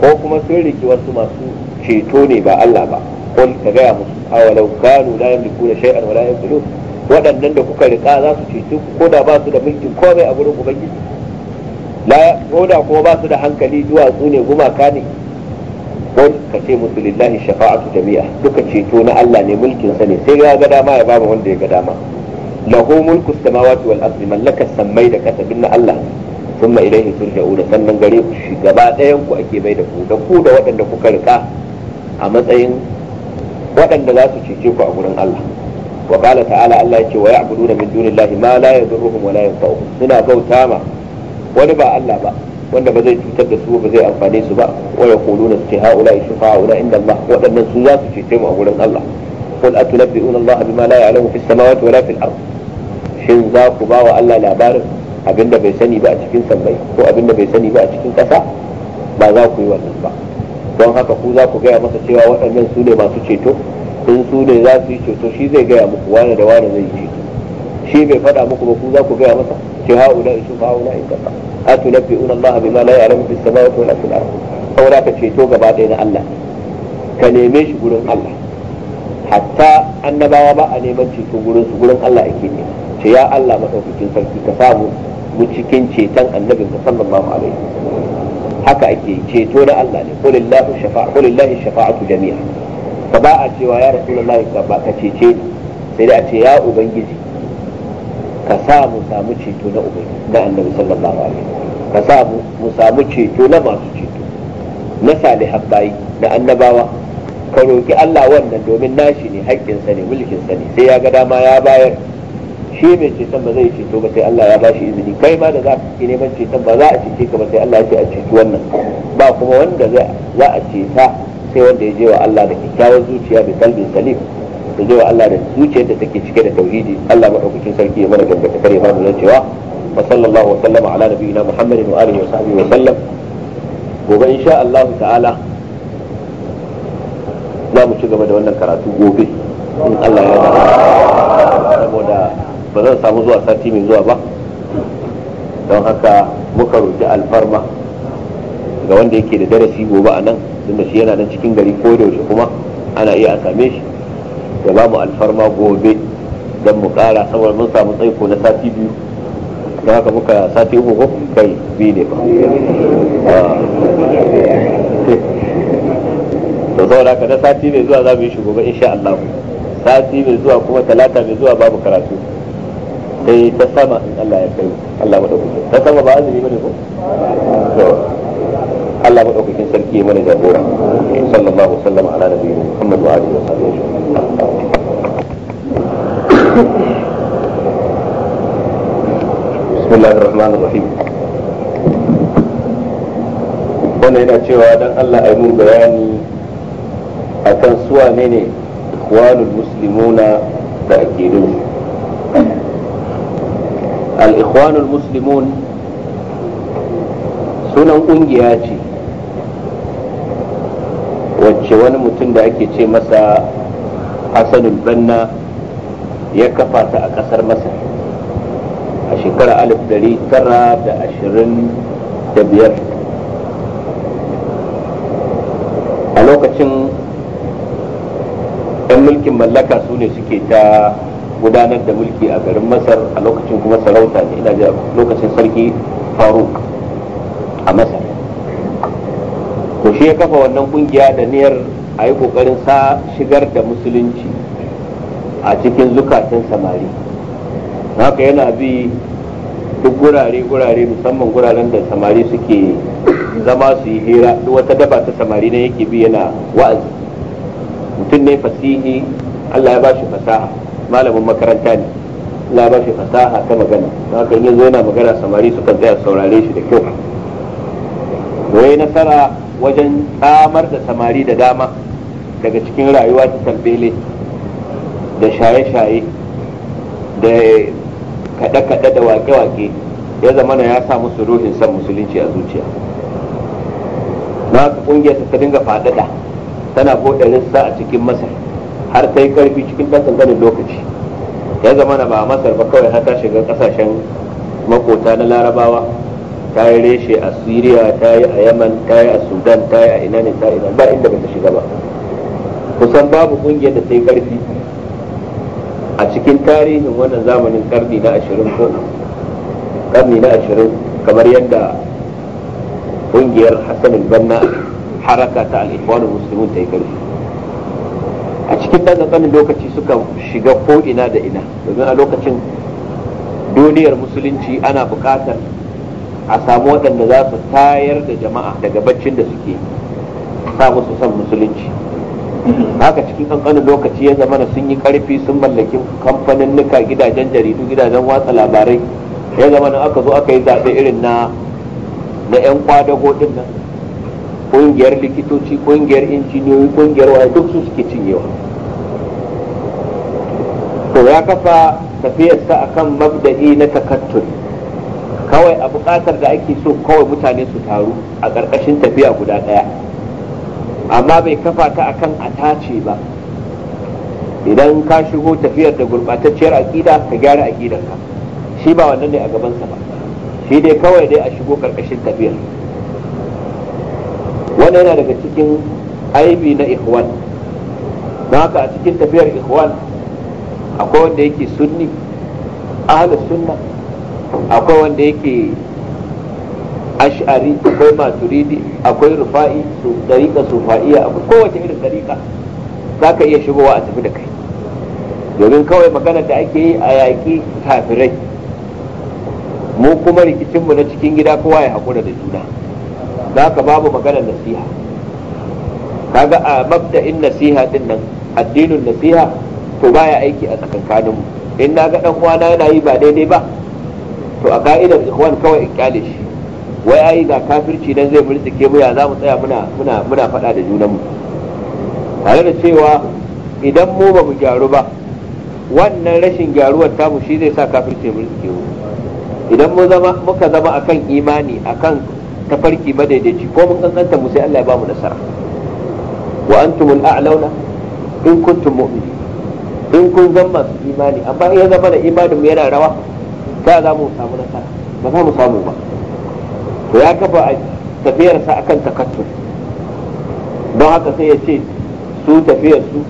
ko kuma sun riki wasu masu ceto ne ba Allah ba qul ka ga musu awalau kanu la yamlikuna shay'an wa la yaqulun waɗannan da kuka riƙa za su cece ku ko da ba su da mulkin komai a gurin ubangiji la koda kuma ba su da hankali duwatsu ne gumaka ne kun ka ce musu lillahi shafa'atu jami'a duka ceto na Allah ne mulkin sa ne sai ya ga dama ya bamu wanda ya ga dama lahu mulku samawati wal ardi mallaka sammai da kasa na Allah thumma ilayhi turja'una sannan gare ku shi gaba ku ake bai da ku da ku da waɗanda kuka rika a matsayin waɗanda za su cece ku a gurin Allah wa qala ta'ala Allah ya ce wa ya'buduna min dunillahi ma la yadurruhum wa la yanfa'uhum suna bauta ma wani ba Allah ba wanda ba zai cutar da su ba zai amfane su ba wa yaquluna istihaula shufa'una inda Allah waɗannan su za su cece mu a gurin Allah qul atunabbi'una Allah bima la ya'lamu fis samawati wala fil ard shin za ku ba wa Allah labarin abinda bai sani ba a cikin sammai ko abinda bai sani ba a cikin ƙasa ba za ku yi wannan ba don haka ku za ku gaya masa cewa waɗannan su ne masu ceto in su ne za su yi ceto shi zai gaya muku wane da wane zai yi ceto shi bai faɗa muku ba ku za ku gaya masa ce haula isu haula in kafa atunabbi'una Allah bima la ya'lamu fis samawati ko fil ardh saboda ka ceto gaba ɗaya na Allah ka neme shi gurin Allah hatta annabawa ba a neman ceto gurin su gurin Allah ake ne ce ya Allah madaukakin sarki ka samu mu cikin ceton annabin ka sallallahu alaihi haka ake ceto na Allah ne qulillahi shafa'a qulillahi shafa'atu jami'a ba a cewa ya rasulullahi ka ba ka cece sai dai a ce ya ubangiji ka sa mu samu ceto na ubai na annabi sallallahu alaihi ka sa mu samu ceto na masu ceto na salihan bayi na annabawa ka roƙi Allah wannan domin nashi ne sa ne mulkin sa ne sai ya ga dama ya bayar shi mai ceton ba zai ceto ba sai Allah ya ba shi izini kai ma da za ka ki neman ceton ba za a cece ka ba sai Allah ya ce a ceci wannan ba kuma wanda za a ceta sai wanda ya je wa Allah da kyakkyawar zuciya bai kalbin salim ta zo wa Allah da zuciyar da take cike da tauhidi Allah madaukakin sarki ya mana gangata kare ba mu cewa wa sallallahu wa sallama ala nabiyina muhammadin wa alihi wa sahbihi wa sallam gobe insha Allah ta'ala za mu ci gaba da wannan karatu gobe in Allah ya yarda saboda ba zan samu zuwa sati mai zuwa ba don haka muka roki alfarma ga wanda yake da darasi gobe a nan tunda shi yana nan cikin gari ko da kuma ana iya a same shi ya ba mu alfarma gobe don mu kara saboda mun samu tsaiko na sati biyu don haka muka sati uku ko kai biyu ne ba ah. to saboda haka na sati mai zuwa za mu yi shugaba gobe insha Allah sati mai zuwa kuma talata mai zuwa babu karatu sai ta sama in Allah ya kai Allah madaukakin ta sama ba azumi ba ne ko Allah madaukakin sarki ya mana jagora sallallahu wasallam ala nabi Muhammad wa alihi wa sahbihi بسم الله الرحمن wannan yana cewa dan Allah a mun bayani akan su wane ne ikhwanul muslimuna da ake nufi al-ikhwanul muslimun sunan kungiya ce wacce wani mutum da ake ce masa hasanin banna ya kafa ta a kasar masar a shekarar biyar a lokacin 'yan mulkin mallaka su ne suke ta gudanar da mulki a garin masar a lokacin kuma sarauta ne ina lokacin sarki faruk a masar to shi ya kafa wannan kungiya da niyyar a yi kokarin sa shigar da musulunci a cikin zukatan samari haka yana bi duk gurare-gurare musamman guraren da samari suke zama su yi hira duk wata daba ta samari ne yake bi yana wa'azi mutum ne fasihi allah ya ba shi fasaha malamin makaranta ne allah ya ba shi fasaha ta magana haka in zo yana magana samari suka tsaya saurare shi da kyau wai nasara wajen samar da samari da dama daga cikin rayuwa ta tambele da shaye-shaye da kaɗe-kaɗe da wake-wake ya zamana ya sa musu ruhin san musulunci a zuciya na haka ƙungiyarsa ta dinga faɗaɗa tana buɗe rissa a cikin masar har ta yi ƙarfi cikin ɗan ƙanƙanin lokaci ya zamana ba a masar ba kawai har ta shiga ƙasashen makota na larabawa ta yi reshe a syria ta yi a yaman ta yi a sudan ta yi a ina ne ta ina ba inda bata shiga ba kusan babu kungiyar da ta yi karfi a cikin tarihin wannan zamanin karni na ashirin ko karni na ashirin kamar yadda kungiyar hassan banna haraka ta al'ikhwan musulmin ta yi karfi a cikin ɗan lokaci suka shiga ko ina da ina domin a lokacin duniyar musulunci ana buƙatar a samu waɗanda za su tayar da jama'a daga baccin da suke sa musu son musulunci haka cikin kankanin lokaci ya zama sun yi karfi sun mallaki kamfanin nika gidajen jaridu gidajen watsa labarai ya zama aka zo aka yi zaɓe irin na na 'yan kwadago din nan ƙungiyar likitoci ƙungiyar injiniyoyi ƙungiyar waye duk su suke cinyewa to ya kafa tafiyarsa akan mabda'i na takattuli kawai a buƙatar da ake so kawai mutane su taru a ƙarƙashin tafiya guda ɗaya amma bai kafa ta akan a tace ba idan ka shigo tafiyar da gurɓatacciyar aƙida ka gyara aƙidanka shi ba wannan ne a gabansa ba shi dai kawai dai a shigo ƙarƙashin tafiyar wannan yana daga cikin aibi na ikhwan don haka a cikin tafiyar ikhwan akwai wanda yake sunni ahalus sunna akwai wanda yake ash'ari akwai maturidi akwai rufa'i su dariƙa fa'iya akwai kowace irin dariƙa za ka iya shigowa a tafi da kai domin kawai maganar da ake yi a yaƙi kafirai mu kuma rikicinmu na cikin gida kowa ya haƙura da juna za ka babu maganar nasiha Ka kaga a mabda'in nasiha din nan addinin nasiha to baya aiki a tsakankaninmu in na ga ɗan uwana yana yi ba daidai ba to a ka'idar ikhwan kawai in kyale shi wai ai ga kafirci dan zai murtsike mu ya za mu tsaya muna muna muna faɗa da junanmu tare da cewa idan mu ba mu gyaru ba wannan rashin gyaruwar tamu shi zai sa kafirci rike mu idan mu zama muka zama akan imani akan tafarki madaidaici ko mun kankanta mu sai Allah ya ba mu nasara wa antumul a'launa in kuntum mu'minin in kun zama imani amma ya zama da imanin mu yana rawa da za mu samu nasara ba za mu samu ba to ya kafa a tafiyarsa akan takattun don haka sai ya ce su tafiyarsu su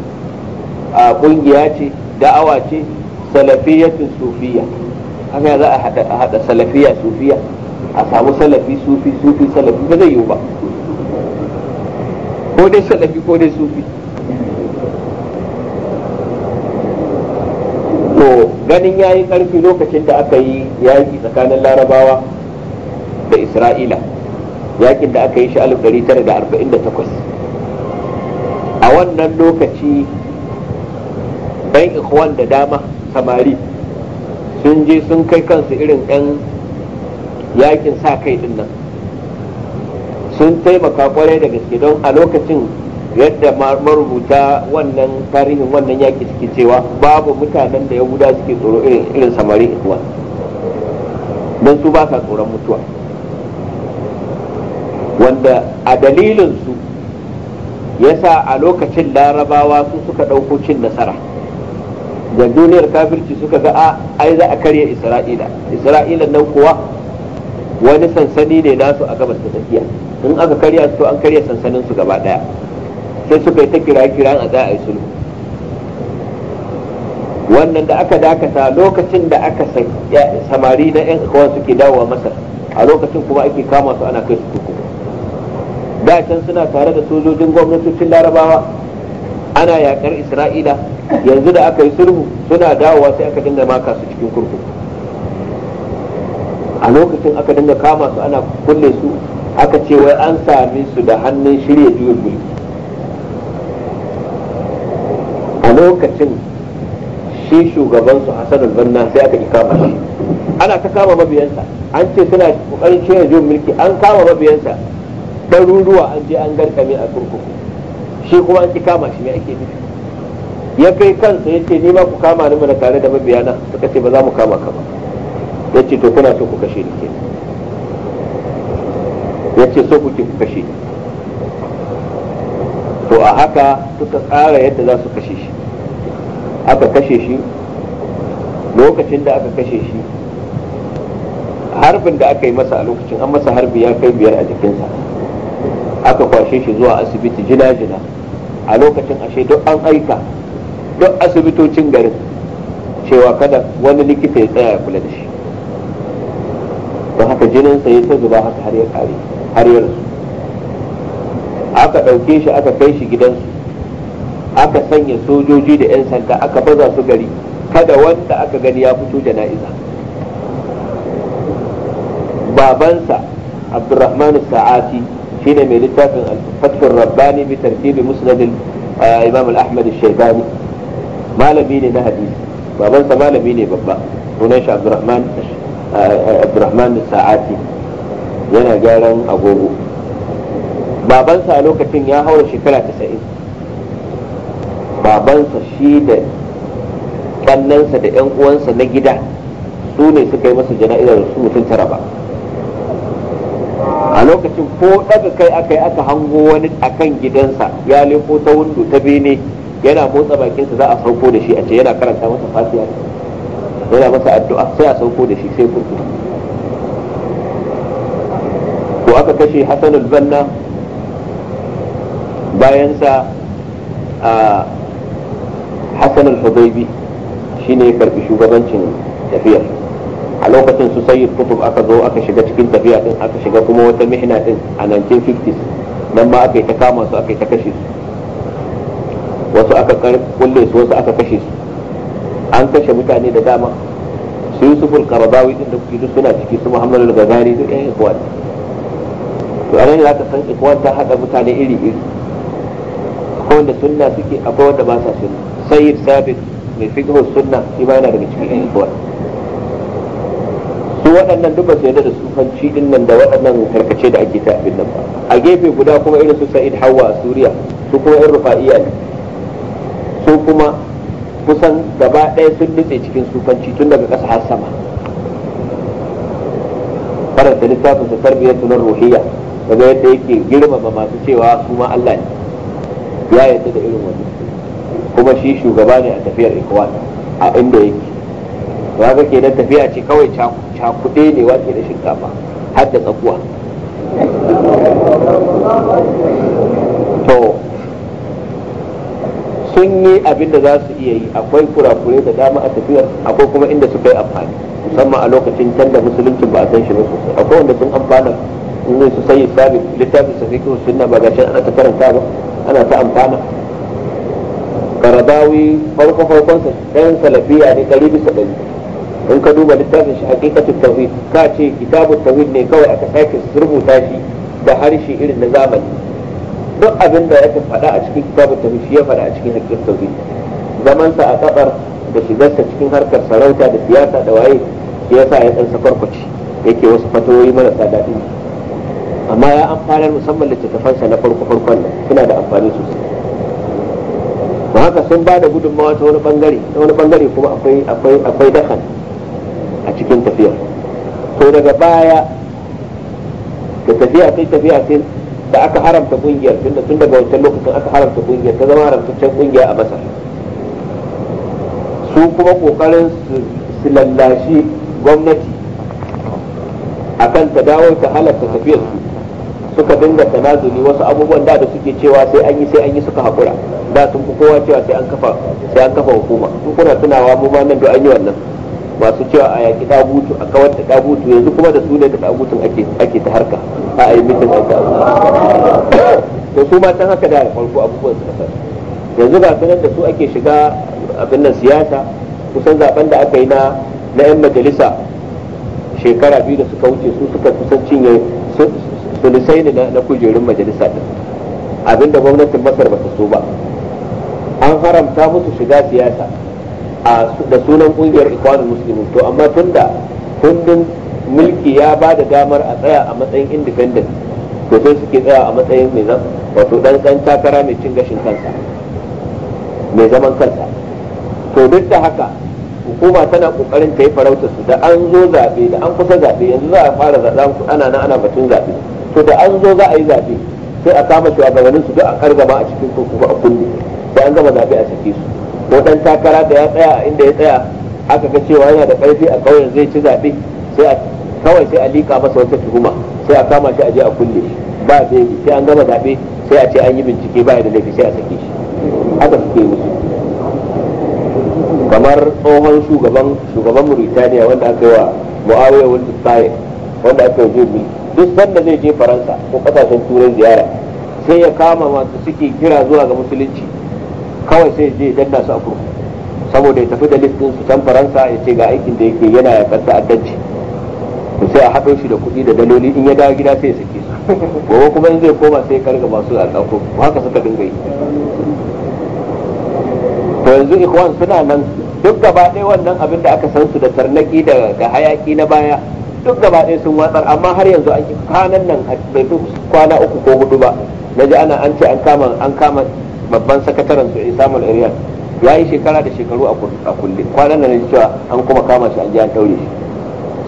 a kungiya ce da'awa ce salafiyatun sufiya haka za a haɗa salafiya sufiya a samu salafi sufi sufi salafi ba zai yiwu ba ko dai salafi ko dai sufi to ganin ya yi ƙarfi lokacin da aka yi yaƙi tsakanin larabawa da isra'ila yaƙin da aka yi shi 1948 a wannan lokaci ɗan ikhwan da dama samari sun je sun kai kansu irin ɗan yaƙin sa kai ɗin nan sun taimaka kwarai da gaske don a lokacin yadda marubuta wannan tarihin wannan yaƙi suke cewa babu mutanen da yahuda suke tsoro irin samari ikuwan don su ba sa tsoron mutuwa wanda a dalilinsu ya sa a lokacin larabawa su suka ɗauko cin nasara da duniyar kafirci suka ga a ah, ai za a karya isra'ila isra'ila nan kuwa wani sansani ne nasu a gabas ta tafiya in aka karya su to an karya sansanin su gaba ɗaya. sai suka yi ta kira kiran a za a yi sulhu wannan da aka dakata lokacin da aka samari na yan kawan suke dawowa masar a lokacin kuma ake kama su ana kai su kuku da can suna tare da sojojin gwamnatocin larabawa ana yakar isra'ila yanzu da aka yi sulhu suna dawowa sai aka dinga maka su cikin kurkuku a lokacin aka dinga kama su ana kulle su aka ce wai an sami su da hannun shirya juyin mulki lokacin shi shugaban su Hassan al-Banna sai aka kama shi ana ta kama mabiyansa an ce suna kokarin cire jin mulki an kama mabiyansa ɗaruruwa an je an garkame a kurkuku shi kuma an ki kama shi me ake nufi ya kai kansa ya ce ni ma ku kama ni mana tare da mabiyana suka ce ba za mu kama ka ba ya ce to kuna so ku kashe ni kenan ya ce so kuke ku kashe ni to a haka suka tsara yadda za su kashe shi aka kashe shi lokacin da aka kashe shi harbin da aka yi masa a lokacin an masa harbi ya kai biyar a jikinsa aka kwashe shi zuwa asibiti jina-jina a lokacin ashe duk an aika duk asibitocin garin cewa kada wani likita ya tsaya kula da shi don haka jininsa ya ta zuba haka har ya kare har ya rasu aka ɗauke shi aka kai shi gidansu aka sanya sojoji da 'yan sanda aka baza su gari kada wanda aka gani ya fito jana'iza babansa abdurrahman sa'ati shine mai littafin al-fathur rabbani bi tartibi musnad imam al-ahmad al-shaybani malami ne na hadisi babansa malami ne babba sunan shi abdurrahman abdurrahman sa'ati yana gyaran agogo babansa a lokacin ya haura shekara 90 babansa shi da ƙannansa da 'yan uwansa na gida su ne suka yi masa jana'izar su mutum tara ba a lokacin ko daga kai aka yi aka hango wani a kan gidansa ya lefo ta windo ta bene yana motsa bakinsa za a sauko da shi a ce yana karanta masa fatiya yana masa addu'a sai a sauko da shi sai kurku ko aka kashe hasanul banna bayansa a hassan al-hudaybi shine ya karbi shugabancin tafiyar a lokacin su sayyid kutub aka zo aka shiga cikin tafiya din aka shiga kuma wata mihna din a 1950s nan ma aka yi ta kama su aka yi ta kashe su wasu aka kulle su wasu aka kashe su an kashe mutane da dama su yusuful karabawi din da kuke duk suna ciki su muhammadu al-ghazali duk yan ikwan to a nan za ka san ikwan ta haɗa mutane iri iri akwai wanda sunna suke akwai wanda ba sa sunna sayyid sabit mai fiqhu sunna shi ma yana daga cikin ikhwan su waɗannan duk ba su yadda da sufanci din nan da waɗannan karkace da ake ta abin nan ba a gefe guda kuma irin su sa'id hawa a suriya su kuma irin rufa'iya ne su kuma kusan gaba ɗaya sun nutse cikin sufanci tun daga ƙasa har sama faranta littafin su tarbiyyar tunan ruhiyya daga yadda yake girmama masu cewa su ma Allah ne ya yadda da irin wannan kuma shi shugaba ne a tafiyar ikwan a inda yake ke kenan tafiya ce kawai cakuɗe ne wake da shinkafa har da tsakuwa to sun yi abin da za su iya yi akwai kurakure da dama a tafiyar akwai kuma inda suka yi amfani musamman a lokacin can da musuluncin ba a san shi ba sosai akwai wanda sun amfana in su sayi sabi littafin sa kusur suna ba ga ana ta karanta ba ana ta amfana karabawi farko farkon sa ɗan salafiya ne ɗari bisa ɗari in ka duba littafin shi hakikatu tawhid ka ce kitabu tawhid ne kawai aka sake rubuta shi da harshe irin na zamani duk abin da ya faɗa a cikin kitabu tawhid shi ya faɗa a cikin hakikatu tawhid zaman sa a kabar da shigarsa cikin harkar sarauta da siyasa da waye shi yasa ya dan sakwarkwaci yake wasu fatoyi marasa daɗi amma ya amfanar musamman littattafansa na farko farkon nan suna da amfani sosai ba haka sun ba da gudunmawa ta wani bangare ta wani bangare kuma akwai akwai dakan a cikin tafiyar to daga baya da tafiya sai tafiya sai da aka haramta kungiyar tunda tun daga wancan lokacin aka haramta kungiyar ta zama haramtaccen kungiya a masar su kuma kokarin su lallashi gwamnati akan ta dawo ta halarta tafiyar su suka dinga tanazuli wasu abubuwan da suke cewa sai an yi sai an yi suka haƙura da sun fi kowa cewa sai an kafa sai an kafa hukuma in kuna tunawa mu ma nan da an yi wannan masu cewa a yaki dagutu a kawar da dagutu yanzu kuma da su ne da dagutun ake ake ta harka a ayi mitin aka to su ma tan haka da farko abubuwan su kasar yanzu ga sanar da su ake shiga abin nan siyasa kusan zaben da aka yi na na yan majalisa shekara biyu da suka wuce su suka kusan cinye sulisai ne na kujerun majalisa din abinda gwamnatin masar ba ta so ba an haramta musu shiga siyasa da sunan kungiyar ikwanin musulmi to amma tunda kundin mulki ya ba da damar a tsaya a matsayin independent to sai suke tsaya a matsayin mai zan wato dan dan takara mai cin gashin kansa mai zaman kansa to duk da haka hukuma tana kokarin ta yi farautar su da an zo zabe da an kusa zabe yanzu za a fara zaɓe ana nan ana batun zabe to da an zo za a yi zabe sai a kama shugabannin su duk a kargama a cikin kurkuku a kulle ko an gama zaɓe a sake su ko dan takara da ya tsaya inda ya tsaya aka ga cewa yana da ƙarfi a ƙauyen zai ci zaɓe sai a kawai sai a liƙa masa wata tuhuma sai a kama shi a je a kulle ba zai sai an gama zaɓe sai a ce an yi bincike ba da laifi sai a sake shi haka suke musu kamar tsohon shugaban shugaban Mauritania wanda aka yi wa Muawiya wanda tsaye wanda aka yi jirgi duk sanda zai je Faransa ko kasashen turai ziyara sai ya kama masu suke kira zuwa ga musulunci kawai sai je danna su a kurkuku saboda ya tafi da listin su can faransa ya ce ga aikin da yake yana ya kanta addanci to sai a haɗo shi da kuɗi da daloli in ya dawo gida sai ya sake su gobe kuma in zai koma sai ya karga masu a ɗauko haka suka dinga yi to yanzu ikwan suna nan duk gaba ɗaya wannan abin da aka san su da tarnaki da hayaki na baya duk gaba ɗaya sun watsar amma har yanzu an kwanan nan bai kwana uku ko hudu ba na ji ana an ce an kama an kama babban sakataren su isa aryan ya yi shekara da shekaru a kulle kwanan nan cewa an kuma kama shi an ji an daure shi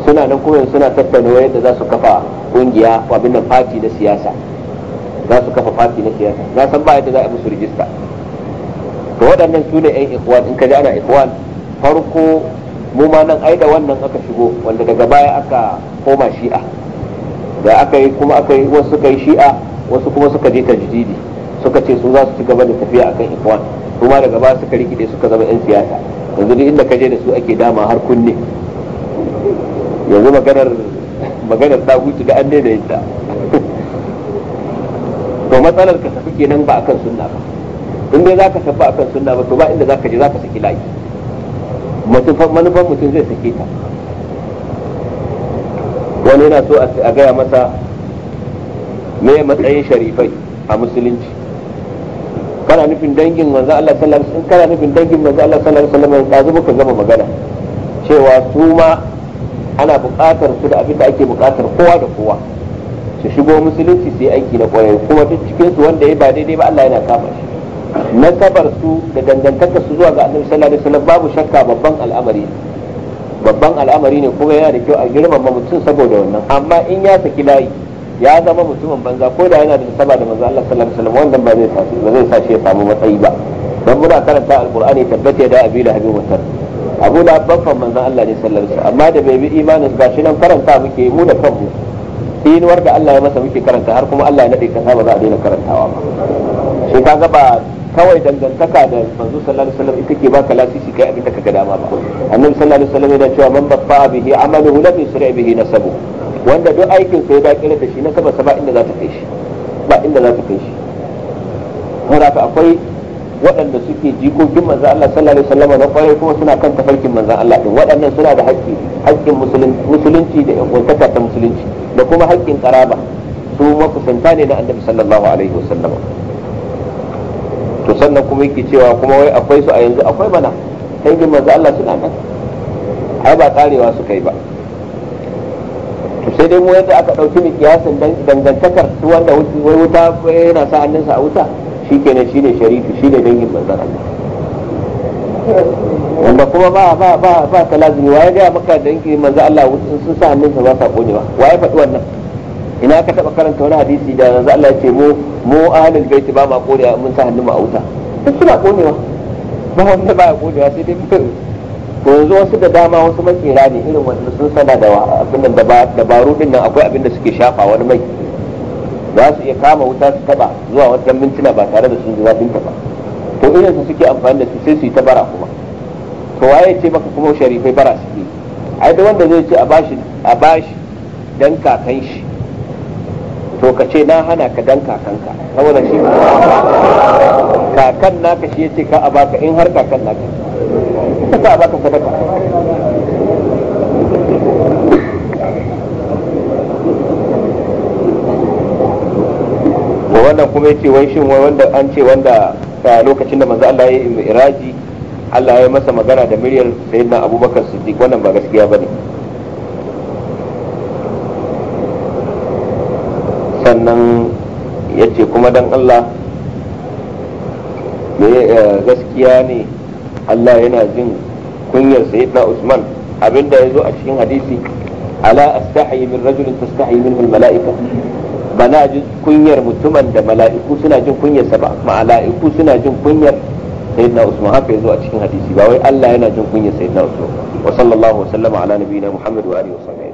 suna nan kuma suna tattauna yadda za su kafa kungiya abin nan fati na siyasa za su kafa fati na siyasa na san ba yadda za a musu rijista to waɗannan su ne 'yan ikwan in ka ji ana ikwan farko mu ma nan ai da wannan aka shigo wanda daga baya aka koma shi'a da aka yi kuma aka yi wasu kai shi'a wasu kuma suka je tajdidi suka ce su za su ci gaba da tafiya akan ikwan kuma daga ba suka rikide suka zama yan siyasa yanzu duk inda kaje da su ake dama har kunne yanzu maganar maganar ta hutu da an daina yadda to matsalar ka tafi kenan ba akan sunna ba in dai zaka tafi akan sunna ba to ba inda zaka je zaka saki layi manufan mutum zai sake ta wani yana so a gaya masa me matsayin sharifai a musulunci kana nufin dangin manzo Allah sallallahu alaihi wasallam kana nufin dangin manzo Allah sallallahu alaihi wasallam yanzu muka gama magana cewa su ma ana buƙatar su da abin da ake buƙatar kowa da kowa su shigo musulunci su yi aiki da kwarai kuma duk cikin su wanda ya ba daidai ba Allah yana kama shi nasabar su da dangantakar su zuwa ga Annabi sallallahu alaihi wasallam babu shakka babban al'amari babban al'amari ne kuma yana da kyau a girmama mutum saboda wannan amma in ya saki layi ya zama mutumin banza ko da yana da saba da manzo Allah sallallahu alaihi wasallam wannan ba zai sace ba zai sace ya samu matsayi ba dan muna karanta alqur'ani tabbata da abi lahabi mutar abu da baffan manzo Allah ne sallallahu alaihi wasallam amma da bai bi imanin ba shi nan karanta muke mu da kanmu inuwar da Allah ya masa muke karanta har kuma Allah ya nade kasa ba za a daina karantawa ba shi kaga ba kawai dangantaka da manzo sallallahu alaihi wasallam ita ke baka lasisi kai abin da kaga dama ba annabi sallallahu alaihi wasallam yana cewa man baffa bihi amaluhu lam yusri bihi nasabu wanda duk aikin sai da kira da shi na saba ba inda za ta kai shi ba inda za ta kai shi haka akwai waɗanda suke jikokin manzo Allah sallallahu alaihi wasallam na kwarai kuma suna kan tafarkin manzan Allah din waɗannan suna da haƙƙi haƙƙin musulunci da wantaka ta musulunci da kuma haƙƙin karaba su makusanta ne na annabi sallallahu alaihi wasallam to sannan kuma yake cewa kuma wai akwai su a yanzu akwai bana dangin manzo Allah suna nan ai ba karewa su kai ba sai dai mu yadda aka ɗauki mu kiyasin dangantakar wanda wai wuta yana sa hannunsa a wuta shikenan shine sharifi ne dangin manzon Allah wanda kuma ba ba ba ba talazumi waye ga maka dangin manzon Allah sun sa hannunsa ba sa kone ba waye faɗi wannan ina ka taba karanta wani hadisi da manzon Allah ya ce mu mu ahlul baiti ba ma kone mun sa hannunmu a wuta duk suna konewa ba wanda ba ya konewa sai dai to yanzu wasu da dama wasu makera ne irin wanda sun sana da abin dabaru din nan akwai abin da suke shafa wani mai za su iya kama wuta su taba zuwa wata mintuna ba tare da sun ji zafin ta ba to irin su suke amfani da su sai su yi ta bara kuma to waye ce maka kuma sharifai bara suke ai da wanda zai ce a bashi a bashi dan kakan shi to ka ce na hana ka dan kakanka saboda shi kakan naka shi yace ka a baka in har kakan naka ta sa baka sadaka wannan kuma yace wai shin wai wanda an ce wanda lokacin da manzo Allah ya yi iraji Allah ya masa magana da miryar sayyidina Abubakar Siddiq wannan ba gaskiya bane sannan yace kuma dan Allah eh, gaskiya ne Allah yana jin kunyar sayyidina Usman abinda ya zo a cikin hadisi ala astahi min rajulin tastahi minhu al-mala'ika bana jin kunyar mutumin da mala'iku suna jin kunyar sa ba mala'iku suna jin kunyar sayyidina Usman haka ya zo a cikin hadisi ba wai Allah yana jin kunyar sayyidina Usman wa sallallahu wa sallama ala nabiyina Muhammad wa alihi wa sahbihi